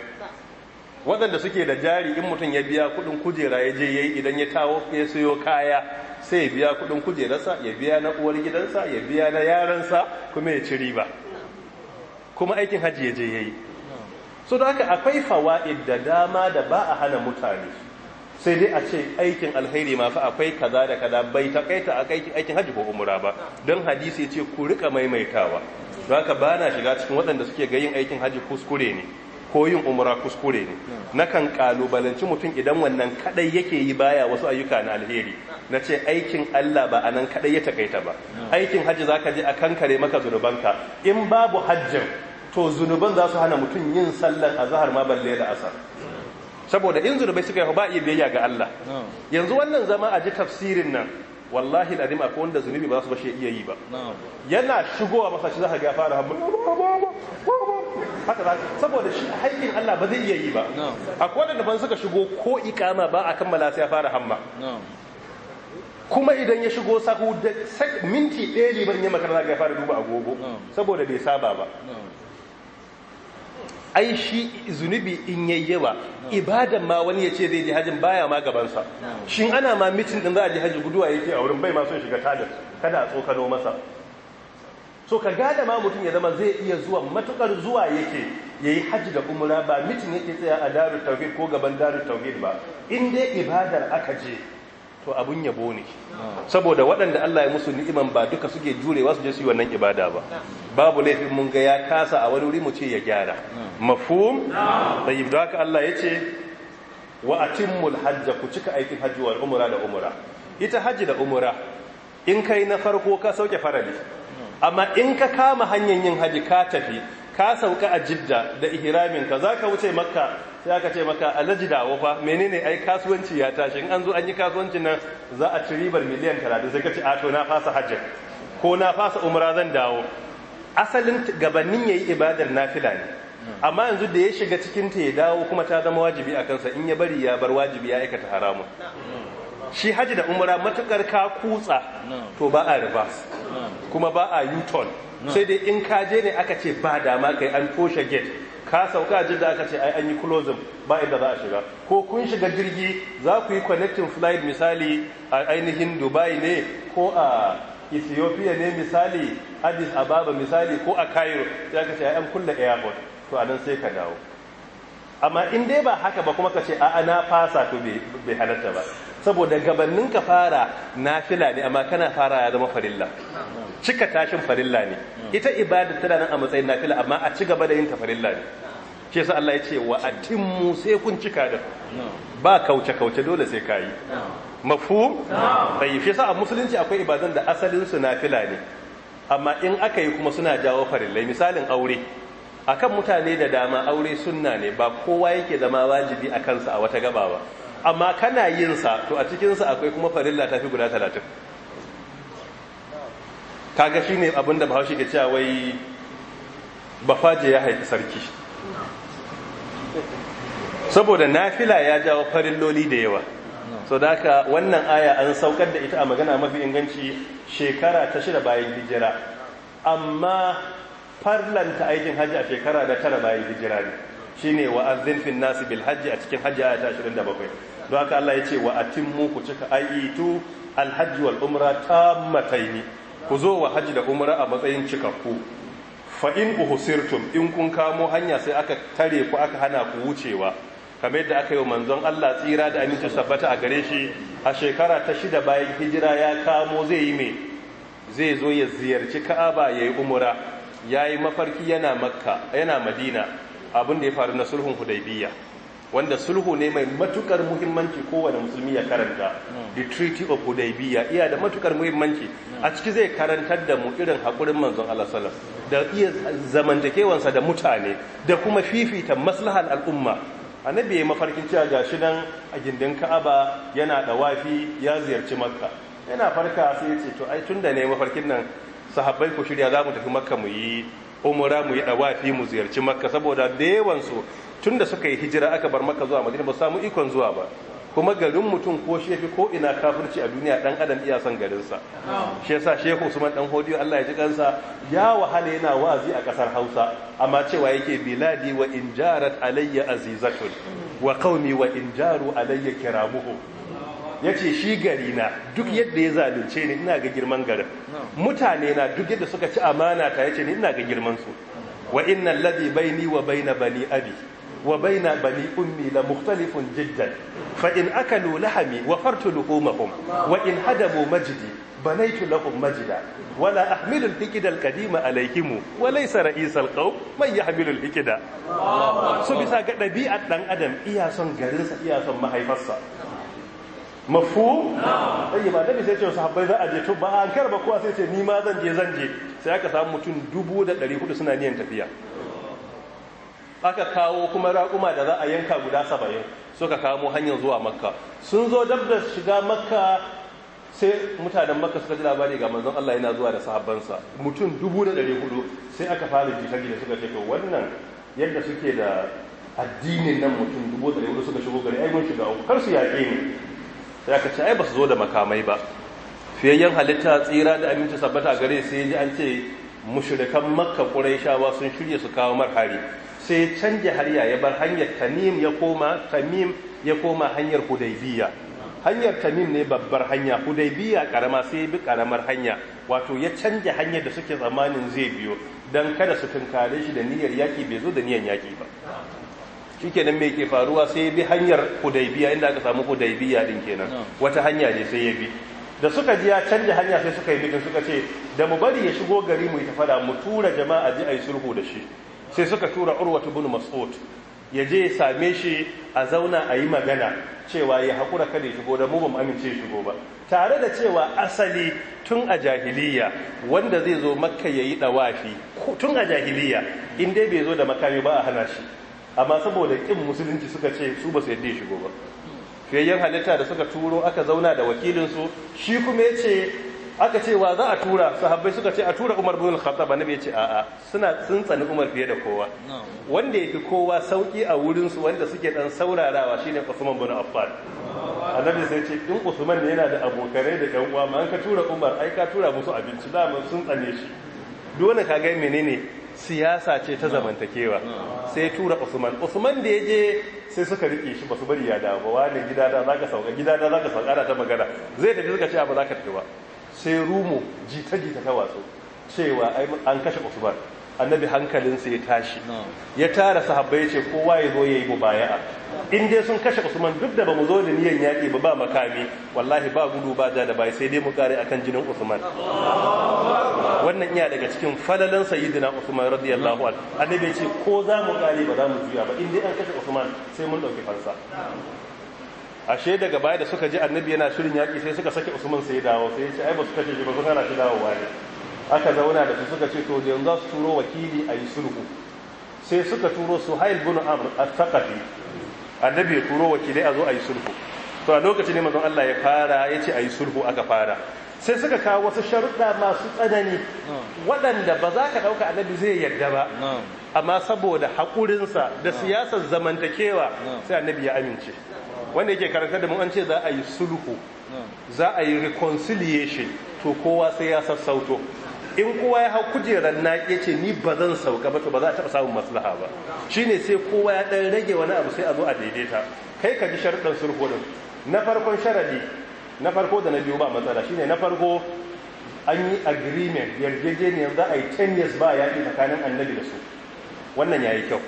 waɗanda suke da jari in mutum ya biya kuɗin kujera ya je yayi idan ya tawo ya sayo kaya sai ya biya kuɗin kujerarsa ya biya na uwar gidansa ya biya na yaransa kuma ya ci riba kuma aikin hajji ya je ya yi so da aka akwai fawa'id da dama da ba a hana mutane sai dai a ce aikin alheri ma akwai kaza da kaza bai takaita a aikin hajji ko umura ba don hadisi ce ku rika maimaitawa don haka ba na shiga cikin waɗanda suke ga yin aikin hajji kuskure ne ko yin umura kuskure ne nakan kalubalanci mutum idan wannan kadai yake yi baya wasu ayyuka na alheri na ce aikin Allah ba a nan kadai ya takaita ba aikin hajji ka je a kankare maka zunubanka in babu hajjin to zunuban za su hana mutum yin sallar zahar ma balle da asar saboda in zunubai suka yi ba iya biyayya ga Allah yanzu wannan zama a ji tafsirin nan wallahi ladim a wanda zunubi ba za su bashe iya yi ba yana shigowa masa shi za ka fara saboda shi haƙƙin Allah ba zai iya yi ba akwai da ban suka shigo ko ikama ba a kammala sai ya fara hamma kuma idan ya shigo sahu minti ɗaya liban ya makarar ya fara duba agogo saboda bai saba ba ai shi zunubi in yayyawa ibadan ma wani ya ce zai ji hajjin baya ma gabansa shin ana ma mitin din za a ji hajji guduwa yake a wurin bai ma son shiga talar kada a tsokano masa so ka gada ma mutum ya zama zai iya zuwa matukar zuwa yake yayi hajji da umra ba mitin yake tsaya a darut tauhid ko gaban darut tauhid ba in dai ibadar aka je to abun yabo ne saboda waɗanda Allah ya musu ni'iman ba duka suke jurewa su je su yi wannan ibada ba babu laifin mun ga ya kasa a wani wuri mu ce ya gyara mafhum tayyib da haka Allah yace wa atimul hajj ku cika aikin hajji wal umra da umra ita hajji da umra in kai na farko ka sauke farali amma in ka kama hanyar yin hajji ka tafi ka sauka a jidda da ihramin ka zaka wuce makka sai aka ce maka alaji da fa menene ai kasuwanci ya tashi in an zo an yi kasuwanci nan za a ci ribar miliyan 30 sai ka ce a to na fasa hajji ko na fasa umra zan dawo asalin gabanin yayi ibadar nafila ne amma yanzu da ya shiga cikin ta ya dawo kuma ta zama wajibi a kansa in ya bari ya bar wajibi ya aikata haramun shi hajji da umra matukar ka kutsa to ba a reverse kuma ba a u sai dai in ka je ne aka ce ba dama kai an toshe gate ka sauka a da aka ce ai an yi closing ba inda za a shiga ko kun shiga jirgi za ku yi connecting flight misali a ainihin dubai ne ko a ethiopia ne misali addis ababa misali ko a cairo sai aka ce ai an kulle airport to a nan sai ka dawo amma in dai ba haka ba kuma ka ce a'a na fasa to bai halatta ba saboda gabanin ka fara nafila ne amma kana fara ya zama farilla cika tashin farilla ne ita ibada tana nan a matsayin nafila amma a ci gaba da yin ta farilla ne Ke sa Allah ya ce wa mu sai kun cika da ba kauce kauce dole sai kayi mafhum bai fi sa a musulunci akwai ibadan da asalin su nafila ne amma in aka yi kuma suna jawo farilla, misalin aure akan mutane da dama aure sunna ne ba kowa yake zama wajibi a kansa a wata gaba ba amma kana yin sa to a cikin sa akwai kuma farilla tafi guda talatin. kaga shi ne abinda bahaushe ke cewa wai bafaje ya haifi sarki saboda nafila ya jawo farin loli da yawa so da haka wannan aya an saukar da ita a magana mafi inganci shekara ta shida bayan hijira amma farlanta aikin hajji a shekara da tara bayan hijira ne shine wa azzin fin bil hajji a cikin hajji aya ta 27 don haka Allah ya ce wa mu ku cika aitu tu hajji wal umra tammataini ku zo wa hajji da umara a matsayin cikakku fa’in uhusirtum in kun kamo hanya sai aka tare ku aka hana ku wucewa kamar yadda aka yi manzon Allah tsira da aminci sabbata a gare shi a shekara ta shida bayan hijira ya kamo zai yi mai zai zo ya ziyarci Ka'aba yayi umra yayi mafarki yana Makka yana Madina abin da ya faru na sulhun hudaibiyya wanda sulhu ne mai matukar muhimmanci kowane musulmi ya karanta mm. the treaty of hudaybiya iya da matukar muhimmanci mm. a ciki zai karantar da mu irin hakurin manzon Allah sallallahu da iya zamantakewansa da mutane da kuma fifita maslahar al'umma annabi ya mafarkin cewa gashi nan a gindin Ka'aba yana da wafi ya ziyarci Makka yana farka sai ya ce to ai tunda ne mafarkin nan sahabbai ku shirya za mu tafi Makka mu yi umura mu yi dawafi mu ziyarci Makka saboda da yawan su tun da suka yi hijira aka bar maka zuwa madina ba samu ikon zuwa ba kuma garin mutum ko shefi ko ina kafirci a duniya dan adam iya son garinsa shi yasa shehu usman dan hodiyo Allah ya ji kansa ya wahala yana wazi a kasar Hausa amma cewa yake biladi wa injarat alayya azizatun wa qaumi wa injaru alayya kiramuhu yace shi gari na duk yadda ya zalunce ni ina ga girman garin mutane na duk yadda suka ci amana ta yace ni ina ga girman su wa innal ladhi baini wa baina bani abi وبين بني أمي لمختلف جدا فإن أكلوا لحمي وفرت لحومهم وإن هدموا مجدي بنيت لهم مجدا ولا أحمل الحكد القديم عليهم وليس رئيس القوم من يحمل الحكد so bisa ga ɗabi'ar ɗan adam iya son garinsa iya son mahaifarsa mafu? ɗaya ma da sai ce wasu habbai za a je tun ba an karba kowa sai ce ni ma zan je zan je sai aka samu mutum dubu da hudu suna niyan tafiya aka kawo kuma raƙuma da za a yanka guda saba'in suka kamo hanyar zuwa makka sun zo dab da shiga makka sai mutanen makka suka ji labari ga manzon Allah yana zuwa da sahabbansa mutum dubu da ɗari hudu sai aka fara jita gida suka ce to wannan yadda suke da addinin nan mutum dubu da ɗari hudu suka shigo gari ai mun shiga uku kar su yaƙe ni sai aka ce ai ba su zo da makamai ba fiyayyen halitta tsira da aminci sabbata gare sai ji an ce mushrikan makka shawa sun shirya su kawo marhari sai canja harya ya bar hanyar tamim ya koma tamim ya koma hanyar hudaibiya hanyar tamim ne babbar hanya hudaibiya karama sai bi karamar hanya wato ya canza hanyar da suke tsammanin zai biyo dan kada su tunkare shi da niyyar yaki bai zo da niyyar yaki ba shikenan me ke faruwa sai bi hanyar hudaybiya inda aka samu hudaibiya din kenan wata hanya ne sai ya bi da suka ji ya canja hanya sai suka yi bikin suka ce da mu bari ya shigo gari mu yi fada mu tura jama'a ji a yi sulhu da shi sai suka tura urwatu bin mas'ud ya je same shi a zauna a yi magana cewa ya haƙura kada ya shigo da mu bamu amince shigo ba tare da cewa asali tun a jahiliya wanda zai zo makka ya yi ɗawafi tun a jahiliya in dai bai zo da makami ba a hana shi amma saboda ƙin musulunci suka ce su ba su yadda ya shigo ba fiyayyen halitta da suka turo aka zauna da wakilinsu shi kuma ya ce aka ce wa za a tura sahabbai suka ce a tura Umar bin Khattab annabi ya ce a suna sun tsani Umar fiye da kowa wanda yake kowa sauki a wurin su wanda suke dan saurarawa shine Usman bin Affan annabi sai ce in Usman ne yana da abokare da yan uwa ma an ka tura Umar ai ka tura musu abinci da mun sun tsane shi dole ka ga menene siyasa ce ta zamantakewa sai tura Usman Usman da yaje sai suka rike shi ba su bari ya dawo ba wani gida da zaka sauka gida da zaka sauka ana ta magana zai tafi suka ce ba zaka tafi ba sai rumo jita-jita ta wasu. cewa an kashe usman annabi hankalinsa ya tashi ya tara su ya ce kowa ya zo ya yi bubaya in dai sun kashe usman duk da ba mu zo da niyan yaƙi ba ba makami wallahi ba gudu ba da bai sai dai mu kare akan jinin usman wannan iya daga cikin falalan sayyidina usman radiyallahu anhu annabi ya ce ko za mu kare ba za mu juya ba in dai an kashe usman sai mun dauki fansa ashe daga baya da suka ji annabi yana shirin yaki sai suka sake usman sai dawo sai ya ce ai ba su kashe shi ba sun hana shi dawowa ne aka zauna da su suka ce to yanzu za su turo wakili a yi sulhu sai suka turo suhail bin amr al-thaqafi annabi ya turo wakilai a zo a yi sulhu to a lokacin ne manzon Allah ya fara ya ce a yi sulhu aka fara sai suka kawo wasu sharuɗa masu tsanani waɗanda ba za ka ɗauka annabi zai yarda ba amma saboda haƙurinsa da siyasar zamantakewa sai annabi ya amince wanda yake karanta da mu an ce za a yi sulhu za a yi reconciliation to kowa sai ya sassauto in kowa ya hau kujerar na ya ce ni ba zan sauka ba to ba za a taɓa samun maslaha ba Shi ne sai kowa ya ɗan rage wani abu sai a zo a daidaita kai ka ji sharɗin sulhu din na farkon sharadi na farko da na biyu ba matsala shi ne na farko an yi agreement yarjejeniyar za a yi 10 years ba yaƙi tsakanin annabi da su wannan ya yi kyau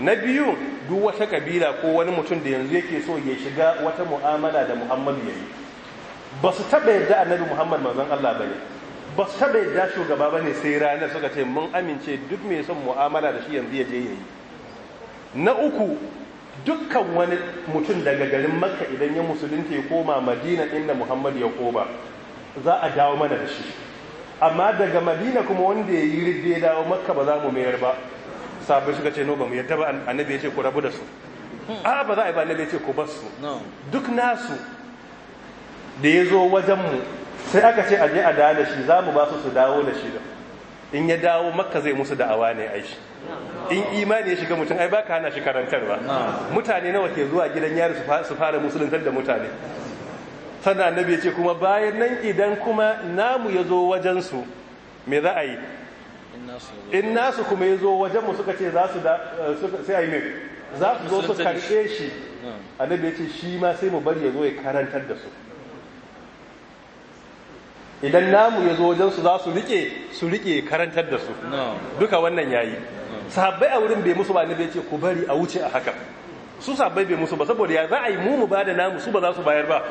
na biyu duk wata kabila ko wani mutum da yanzu yake so ya shiga wata mu'amala da muhammadu ya yi ba su taɓa yadda annabi muhammad mazan allah ba ne ba su taɓa yadda shugaba ba sai ranar suka ce mun amince duk mai son mu'amala da shi yanzu ya je ya yi na uku dukkan wani mutum daga garin makka idan ya musulunta ya koma madina inda muhammad ya koba za a dawo mana da shi amma daga madina kuma wanda ya yi ya dawo makka ba za mu mayar ba sahabbai suka ce no ba mu yadda ba annabi ya ce ku rabu da su a ba za a yi ba annabi ya ce ku bar su duk nasu da ya zo wajenmu sai aka ce aje a da da shi za mu ba su su dawo da shi da in ya dawo makka zai musu da awa ne aishi in imani ya shiga mutum ai ba ka hana shi karantar ba. mutane nawa ke zuwa gidan yari su fara musuluntar da mutane sannan annabi ya ce kuma bayan nan idan kuma namu ya zo wajensu me za a yi in nasu kuma ya zo wajenmu suka ce za su da eh, sai a yi za su zo su karɓe shi ah. annabi ya ce shi ma sai mu bari ya zo ya karantar da su idan namu ya zo wajensu za su rike su rike karantar da su ah. duka wannan yayi ah. sahabbai a wurin bai musu ba annabi ya ce ku bari a wuce a haka su sahabbai bai musu ba saboda ya za mu mu bada namu su ba za su bayar ba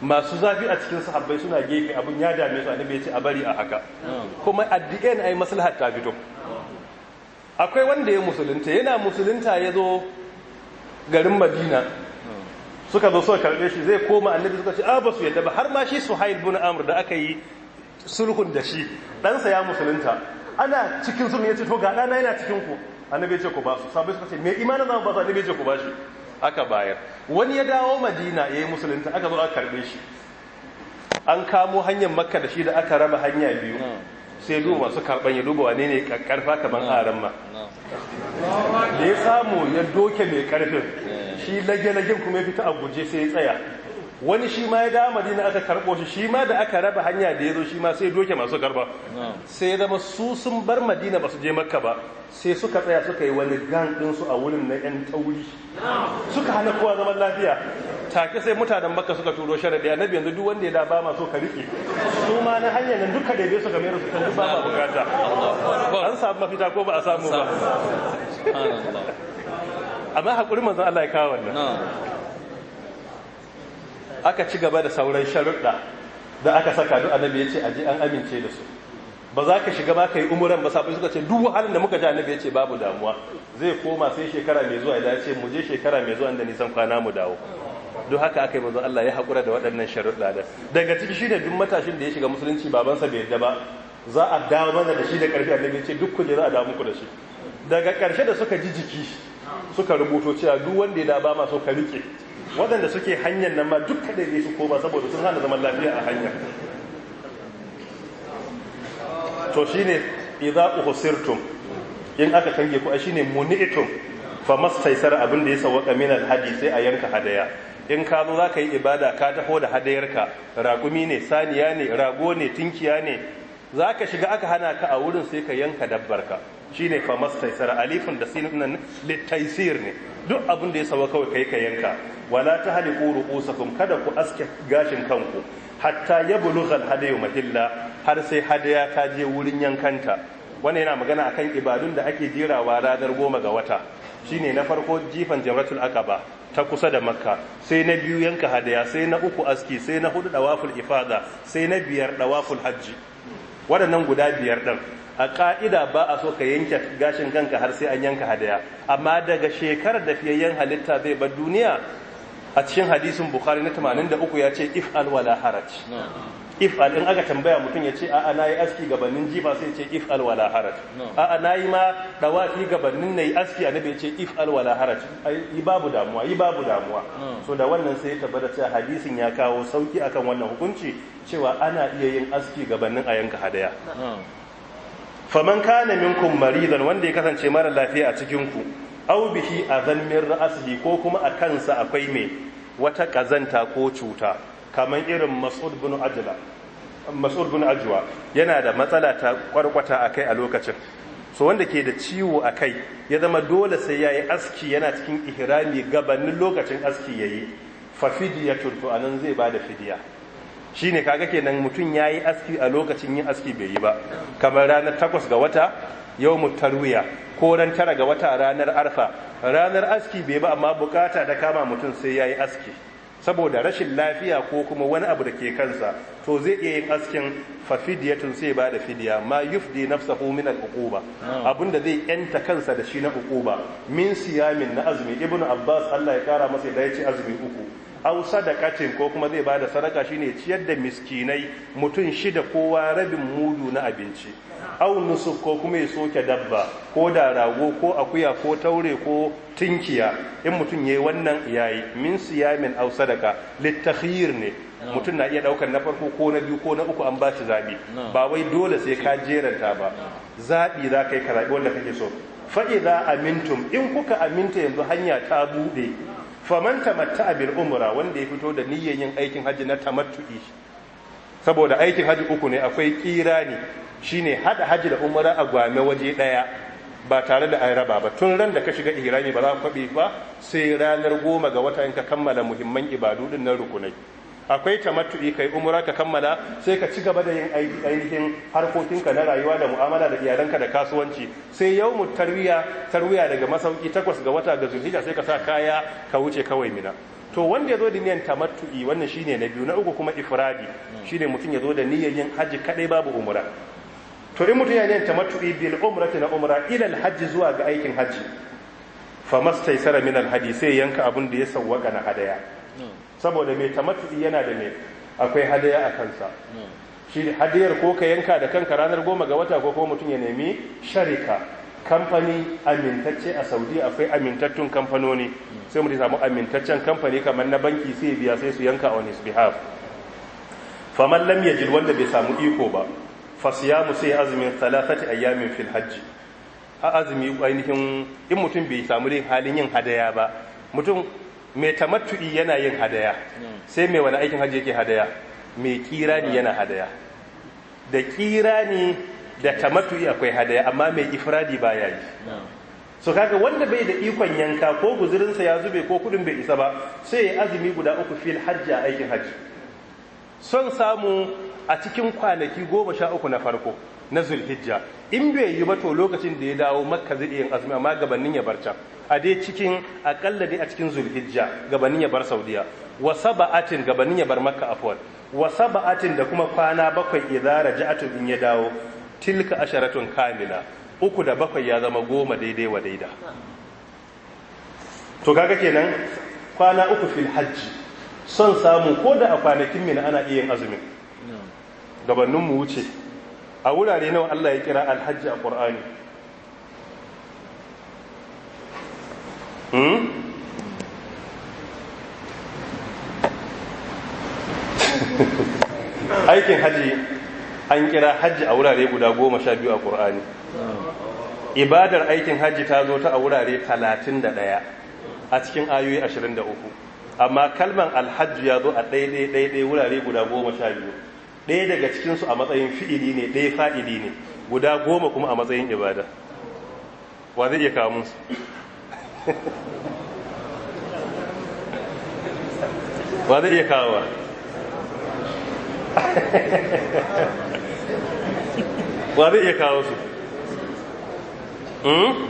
masu zafi a cikin sahabbai suna gefe abin ya dame su annabi ya ce a bari a haka kuma at the end ai maslahat ta fito akwai wanda ya musulunta yana musulunta ya zo garin madina suka zo suka karbe shi zai koma annabi suka ce a ah, ba su yadda ba har ma shi suhail bin amr da aka yi sulhun da shi ɗansa ya musulunta ana cikin sun ya ce to ga dana yana cikin ku annabi ce ku ba su sabai suka ce me imanin zama ba su annabi ce ku ba shi aka bayar wani ya dawo madina ya yi musulunta aka zo a karbe shi an kamo hanyar makka da shi da aka raba hanya biyu hmm. sai duba masu karban ya duba wane ne karfa kamar hmm. aran ma hmm. da ya samu ya doke mai karfin shi lage-lagen kuma ya fita a guje sai ya tsaya wani shi ma ya da madina aka karɓo shi shi ma da aka raba hanya da ya zo shi ma sai doke masu karɓa sai ya zama su sun bar madina ba su je makka ba sai suka tsaya suka yi wani gan ɗinsu a wurin na yan tauri suka hana kowa zaman lafiya take sai mutanen makka suka turo sharaɗi annabi yanzu duk wanda ya da ba masu ka riƙe su ma na hanyar nan duka da bai suka su kan ba ba bukata an samu mafita ko ba a samu ba amma haƙuri manzon Allah ya kawo wannan aka ci gaba da sauran sharuɗa da aka saka duk annabi ya ce aje an amince da su ba za ka shiga ba ka yi umuran ba sabai suka ce duk wahalar da muka ji annabi ya ce babu damuwa zai koma sai shekara mai zuwa ya ce mu je shekara mai zuwa inda nisan kwana mu dawo don haka aka yi manzon Allah ya hakura da waɗannan sharuɗa da daga ciki shi da duk matashin da ya shiga musulunci babansa bai yadda ba za a dawo mana da shi da ƙarfi annabi ce duk kuje za a dawo muku da shi daga ƙarshe da suka ji jiki suka rubuto cewa duk wanda ya da ba ma so ka rike waɗanda suke hanyar nan ma duk kaɗai ne su koba saboda sun hana zaman lafiya a hanya to shine idza uhsirtum in aka kange ku shine muni'tum fa mastaisar abin da ya sawaka min alhadi sai a yanka hadaya in ka zo zaka yi ibada ka taho da hadayarka ragumi ne saniya ne rago ne tinkiya ne za ka shiga aka hana ka a wurin sai ka yanka dabbarka shi ne famas taisar alifin da sinan littaisir ne duk abin da ya sawa kawai ka yi ka yanka wala ta hali ƙuru ƙusakun kada ku aske gashin kanku hatta ya bulughal hadayu mahilla har sai hadaya ta je wurin yankanta wannan yana magana a kan ibadun da ake jerawa ranar goma ga wata shine na farko jifan jamratul ba. ta kusa da makka sai na biyu yanka hadaya sai na uku aski sai na hudu dawaful ifada sai na biyar dawaful hajji waɗannan guda biyar ɗin a ƙa'ida ba a so ka yanke gashin kanka har sai an yanka hadaya amma daga shekarar da fiyayyen halitta zai bar duniya a cikin hadisin bukari na 83 ya ce if alwala haraj if al in aka tambaya mutum ya ce a'a nayi aski gabanin jifa sai ce if al wala haraj a'a nayi ma dawafi gabanin nayi aski annabi ya ce if al wala haraj yi babu damuwa yi babu damuwa so da wannan sai ya tabbata cewa hadisin ya kawo sauki akan wannan hukunci cewa ana iya yin aski gabanin a yanka hadaya faman kana minkum maridan wanda ya kasance mara lafiya a cikin ku aw bihi azan min ra'sihi ko kuma a kansa akwai me wata kazanta ko cuta kamar irin masu bin ajiwa yana da matsala ta kwarkwata a kai a lokacin so wanda ke da ciwo a kai ya zama dole sai ya yi aski yana cikin ihirami gabanin lokacin aski ya yi fafidiya turku a nan zai ba da fidiya shi ne kaga nan mutum ya yi aski a lokacin yin aski bai yi ba kamar ranar takwas ga wata yau tarwiya, ko ran tara ga wata ranar arfa ranar aski bai ba amma bukata ta kama mutum sai ya yi aski saboda rashin lafiya ko kuma wani abu da ke kansa to zai iya yin askin fafidiyatun sai ba da fidiya ma yufdi nafsahu min al-uquba ah. abinda zai yanta kansa da shi na uquba min siyamin na azumi ibnu abbas Allah ya kara masa da yace azumi uku aw sadaqatin ko kuma zai bada sadaka shine ciyar da miskinai mutum shida kowa rabin mudu na abinci aw nusuk ko kuma ya soke dabba ko da rago ko akuya ko taure ko tinkiya in mutum yayi wannan yayi min siyamin aw sadaka litakhir ne mutum na iya daukar na farko ko na biyu ko na uku an ba shi zabi ba wai dole sai ka jeranta ba zabi za ka yi ka wanda kake so fa idza amintum in kuka aminta yanzu hanya ta bude faman tamatta bil umra wanda ya fito da niyyar yin aikin hajji na tamattu'i saboda aikin hajji uku ne akwai ne, shi ne haɗa hajji da umra a gwame waje ɗaya ba tare da airaba ba tun ran da ka shiga ihrami ba za ka kwabe ba sai ranar goma ga wata in ka kammala muhimman ibadu din na rukunai akwai tamattu'i yi umra ka kammala sai ka ci gaba da yin ainihin harkokinka na rayuwa da mu'amala da iyalanka da kasuwanci sai yau tarwiya tarwiya daga masauki takwas ga wata ga zulhijja sai ka sa kaya ka wuce kawai mina to wanda ya zo da niyan tamattu'i wannan shine na biyu na uku kuma ifradi shine mutum ya zo da niyan yin haji kadai babu umra to in mutum ya niyan tamattu'i bil umrati na umra ila al zuwa ga aikin haji famastaisara min al sai yanka abun da ya sawwaka na hadaya hmm. saboda mai tamatsi yana da mai akwai hadaya a kansa shi hadayar ko ka yanka da kanka ranar goma ga wata ko kuma mutum ya nemi sharika kamfani amintacce a saudi akwai amintattun kamfanoni sai mutum samu amintaccen kamfani kamar na banki sai biya sai su yanka on his behalf faman lam yajid wanda bai samu iko ba mu sai azumin thalathati ayyamin fil hajji a azumi ainihin in mutum bai samu halin yin hadaya ba mutum mai tamattu'i yana yin hadaya sai mai wani aikin hajji yake hadaya mai kirani yana hadaya da ne da tamattu'i akwai hadaya amma mai ifradi baya yi so kaga wanda bai da ikon yanka ko guzurinsa ya zube ko kudin bai isa ba sai ya azumi guda uku fil hajji a aikin hajji son samu a cikin kwanaki goma sha uku na farko na zulhijja in bai yi ba to lokacin da ya dawo makka zai yin azumi amma gabanin ya bar can a dai cikin akalla dai a cikin zulhijja gabanin ya bar saudiya wa saba'atin gabanin ya bar makka afwan wa saba'atin da kuma kwana bakwai idza raja'atu in ya dawo tilka asharatun kamila uku da bakwai ya zama goma daidai wa daida to kaga kenan kwana uku fil hajj son samu ko da a kwanakin mina ana iya yin azumin gabanin mu wuce a wurare nawa Allah ya kira alhaji a ƙur'ani hmm? aikin hajji an kira hajji a wurare guda goma sha biyu a ƙur'ani ibadar aikin hajji ta zo ta a wurare talatin da ɗaya a cikin ayoyi ashirin da uku amma kalman alhajji ya zo a ɗaiɗai ɗaiɗai wurare guda goma sha biyu ɗaya daga cikinsu a matsayin fi'ili ne ɗaya fa'ili ne guda goma kuma a matsayin ibada wa zai iya kawo musu wa zai iya kawo wa zai iya kawo su hmm?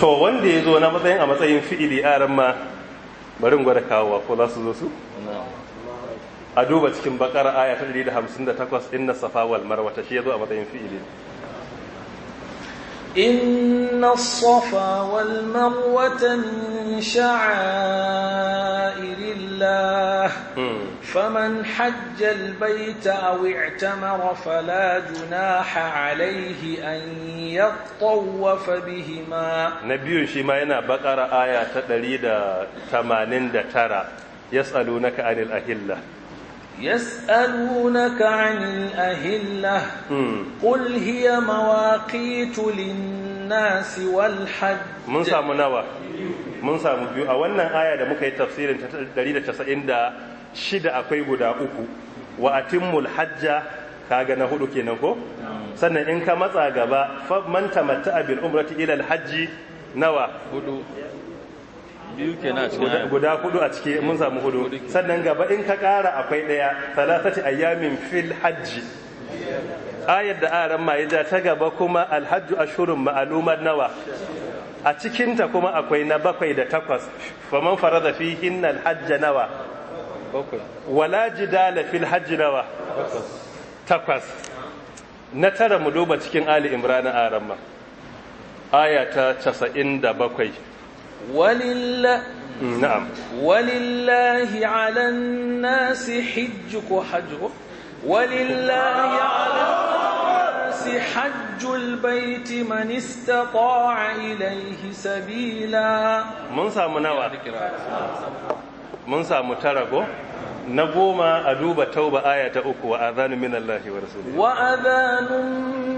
to wanda ya zo na matsayin a matsayin fi'ili aran ma bari in gwada kawowa ko za su zo su a duba cikin bakar aya 158 inna safa wal marwa ta shi yazo a matsayin fi'ili إن الصفا والمروة من شعائر الله فمن حج البيت أو اعتمر فلا جناح عليه أن يطوف بهما نبي شما هنا بقرة آية تدريد 89 يسألونك عن الأهلة يسألونك عن الأهلة قل هي مواقيت للناس والحج من سام نوا من سام بيو أولا آية دا مكي تفسير دليل تسعين دا شدا أكوي بدا أكو وأتم الحج kaga na hudu kenan سنة إنك in فمن matsa gaba fa man tamatta bil biyu kenan a cikin guda hudu a ciki mun samu hudu sannan gaba in ka kara akwai daya salasati ayyamin fil hajji ayar da aran ma ya ta gaba kuma alhajju ashurun ma'alumat nawa a cikinta kuma akwai na bakwai da takwas faman farada fi hinnal hajja nawa wala jidala fil hajji nawa takwas na tara mu duba cikin ali imran aran ma aya ta 97 ولله نعم ولله على الناس حجك حجه ولله على الناس حج البيت من استطاع إليه سبيلا من سامنا من سامو ترغو na goma a duba tauba aya ta uku wa adhanu min Allah wa rasulihi wa adhanu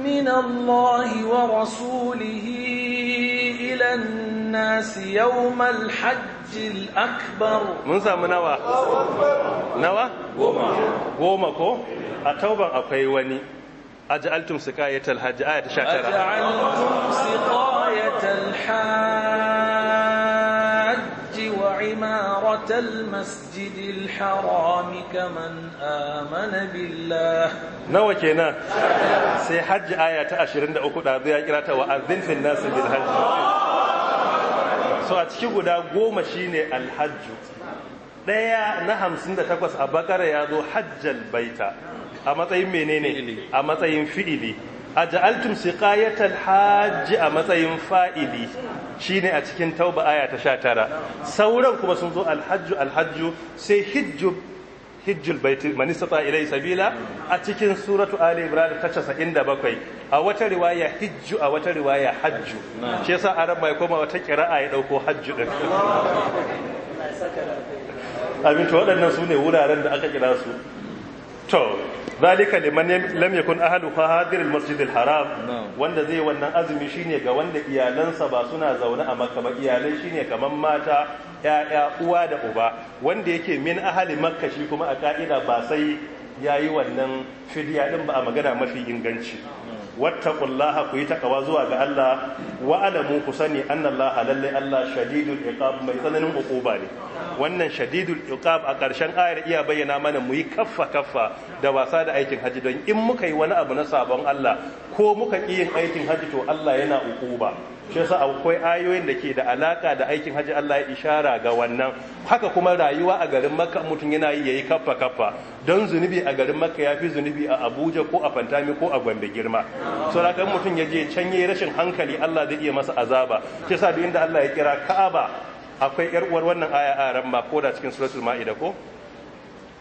min Allah wa rasulihi ila an-nas yawm al-hajj al-akbar mun samu nawa nawa goma goma ko a tauban akwai wani أجعلتم سقاية الحج آية 19 أجعلتم سقاية الحاج إمارة المسجد الحرام كمن آمن بالله نوى كينا سيحج آية أشرين دعوكو دعضي أجراتا وأذن في الناس بالحج so a ciki guda goma shine alhajju Ɗaya na hamsin da takwas a bakara ya zo hajjal baita a matsayin menene a matsayin fi'ili a ja'altum siqayatal hajji a matsayin fa'ili shine a cikin tauba ayata sha 19 sauran kuma sun zo alhajju alhajju sai hijju hijjul baiti man istata ilai sabila a cikin suratu ali Ibrahim ta 97 a wata riwaya hijju a wata riwaya hajju shi yasa arab mai koma wata qira'a ya dauko hajju din abin to waɗannan sune wuraren da aka kira su to zalika man lam yakun ahluha Masjid masjidil haram wanda zai wannan azumi shine ga wanda iyalansa ba suna zaune a makka ba iyalai shine kaman mata yaya uwa da uba wanda yake min ahli makka shi kuma a ka'ida ba sai yayi wannan fidiya din ba a magana mafi inganci Laha ku yi takawa zuwa ga Allah wa alamu ku sani annallaha lalle Allah shadidul iqab mai tsananin uquba ne wannan shadidul iqab a ƙarshen ayar iya bayyana mana mu yi kaffa kaffa da wasa da aikin haji don in muka yi wani abu na sabon Allah ko muka ƙi yin aikin haji to Allah yana uquba shi sa akwai ayoyin da ke da alaka da aikin hajji Allah ya ishara ga wannan haka kuma rayuwa a garin makka mutum yana yi ya yi kaffa kaffa don zunubi a garin makka fi zunubi a abuja ko a fantami ko a gombe girma so da mutum ya je can yi rashin hankali Allah zai iya masa azaba shi sa duk inda Allah ya kira ka'aba akwai yar uwar wannan aya a ko da cikin suratul ma'ida ko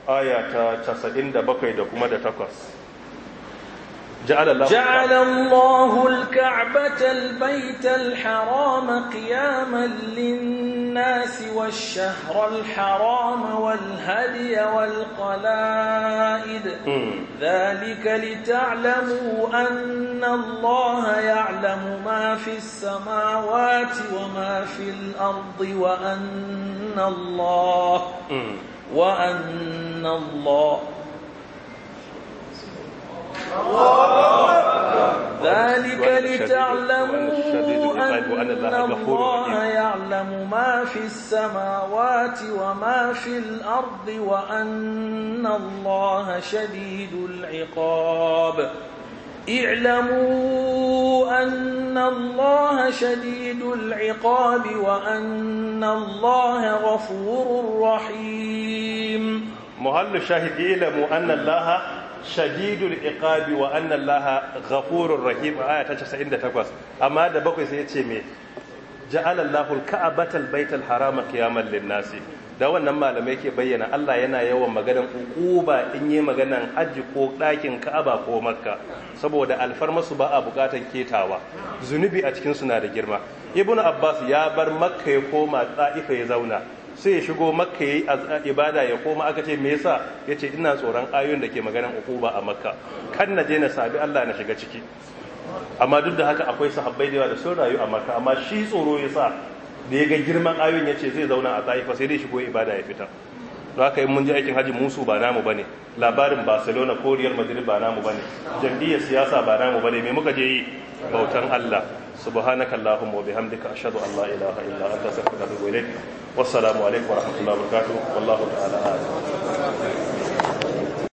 aya ta 97 da kuma da 8 جعل الله, جعل الله الكعبة البيت الحرام قياما للناس والشهر الحرام والهدي والقلائد ذلك لتعلموا أن الله يعلم ما في السماوات وما في الأرض وأن الله وأن الله ذلك لتعلموا أن الله يعلم ما في السماوات وما في الأرض وأن الله شديد العقاب اعلموا أن الله شديد العقاب وأن الله غفور رحيم مهل شاهد يعلم أن الله shadidul iqabi wa anna allaha ghafurur rahim aya ta 98 amma da bakwai sai yace me ja'ala allahu alka'bata albayta alharama qiyaman linnasi da wannan malamai ke bayyana Allah yana yawan maganan ukuba in yi maganan hajji ko ɗakin ka'aba ko makka saboda alfarmasu ba a bukatan ketawa zunubi a cikin suna da girma ibnu abbas ya bar makka ya koma ta'ifa ya zauna sai ya shigo makka ya yi ibada ya koma aka ce me yasa ya ce ina tsoron ayoyin da ke maganan ukuba a makka kan na je na sabi Allah na shiga ciki amma duk da haka akwai sahabbai da yawa da sun rayu a makka amma shi tsoro ya sa da ya ga girman ayoyin ce zai zauna a taifa sai dai shigo ibada ya fita don haka mun ji aikin haji musu ba namu bane labarin barcelona ko real madrid ba namu bane jam'iyyar siyasa ba namu bane me muka je yi bautan allah subhanaka allahumma wa bihamdika ashhadu an la ilaha illa anta astaghfiruka wa atubu ilaik wassalamu alaikum wa rahmatullahi wa wallahu ta'ala a'lam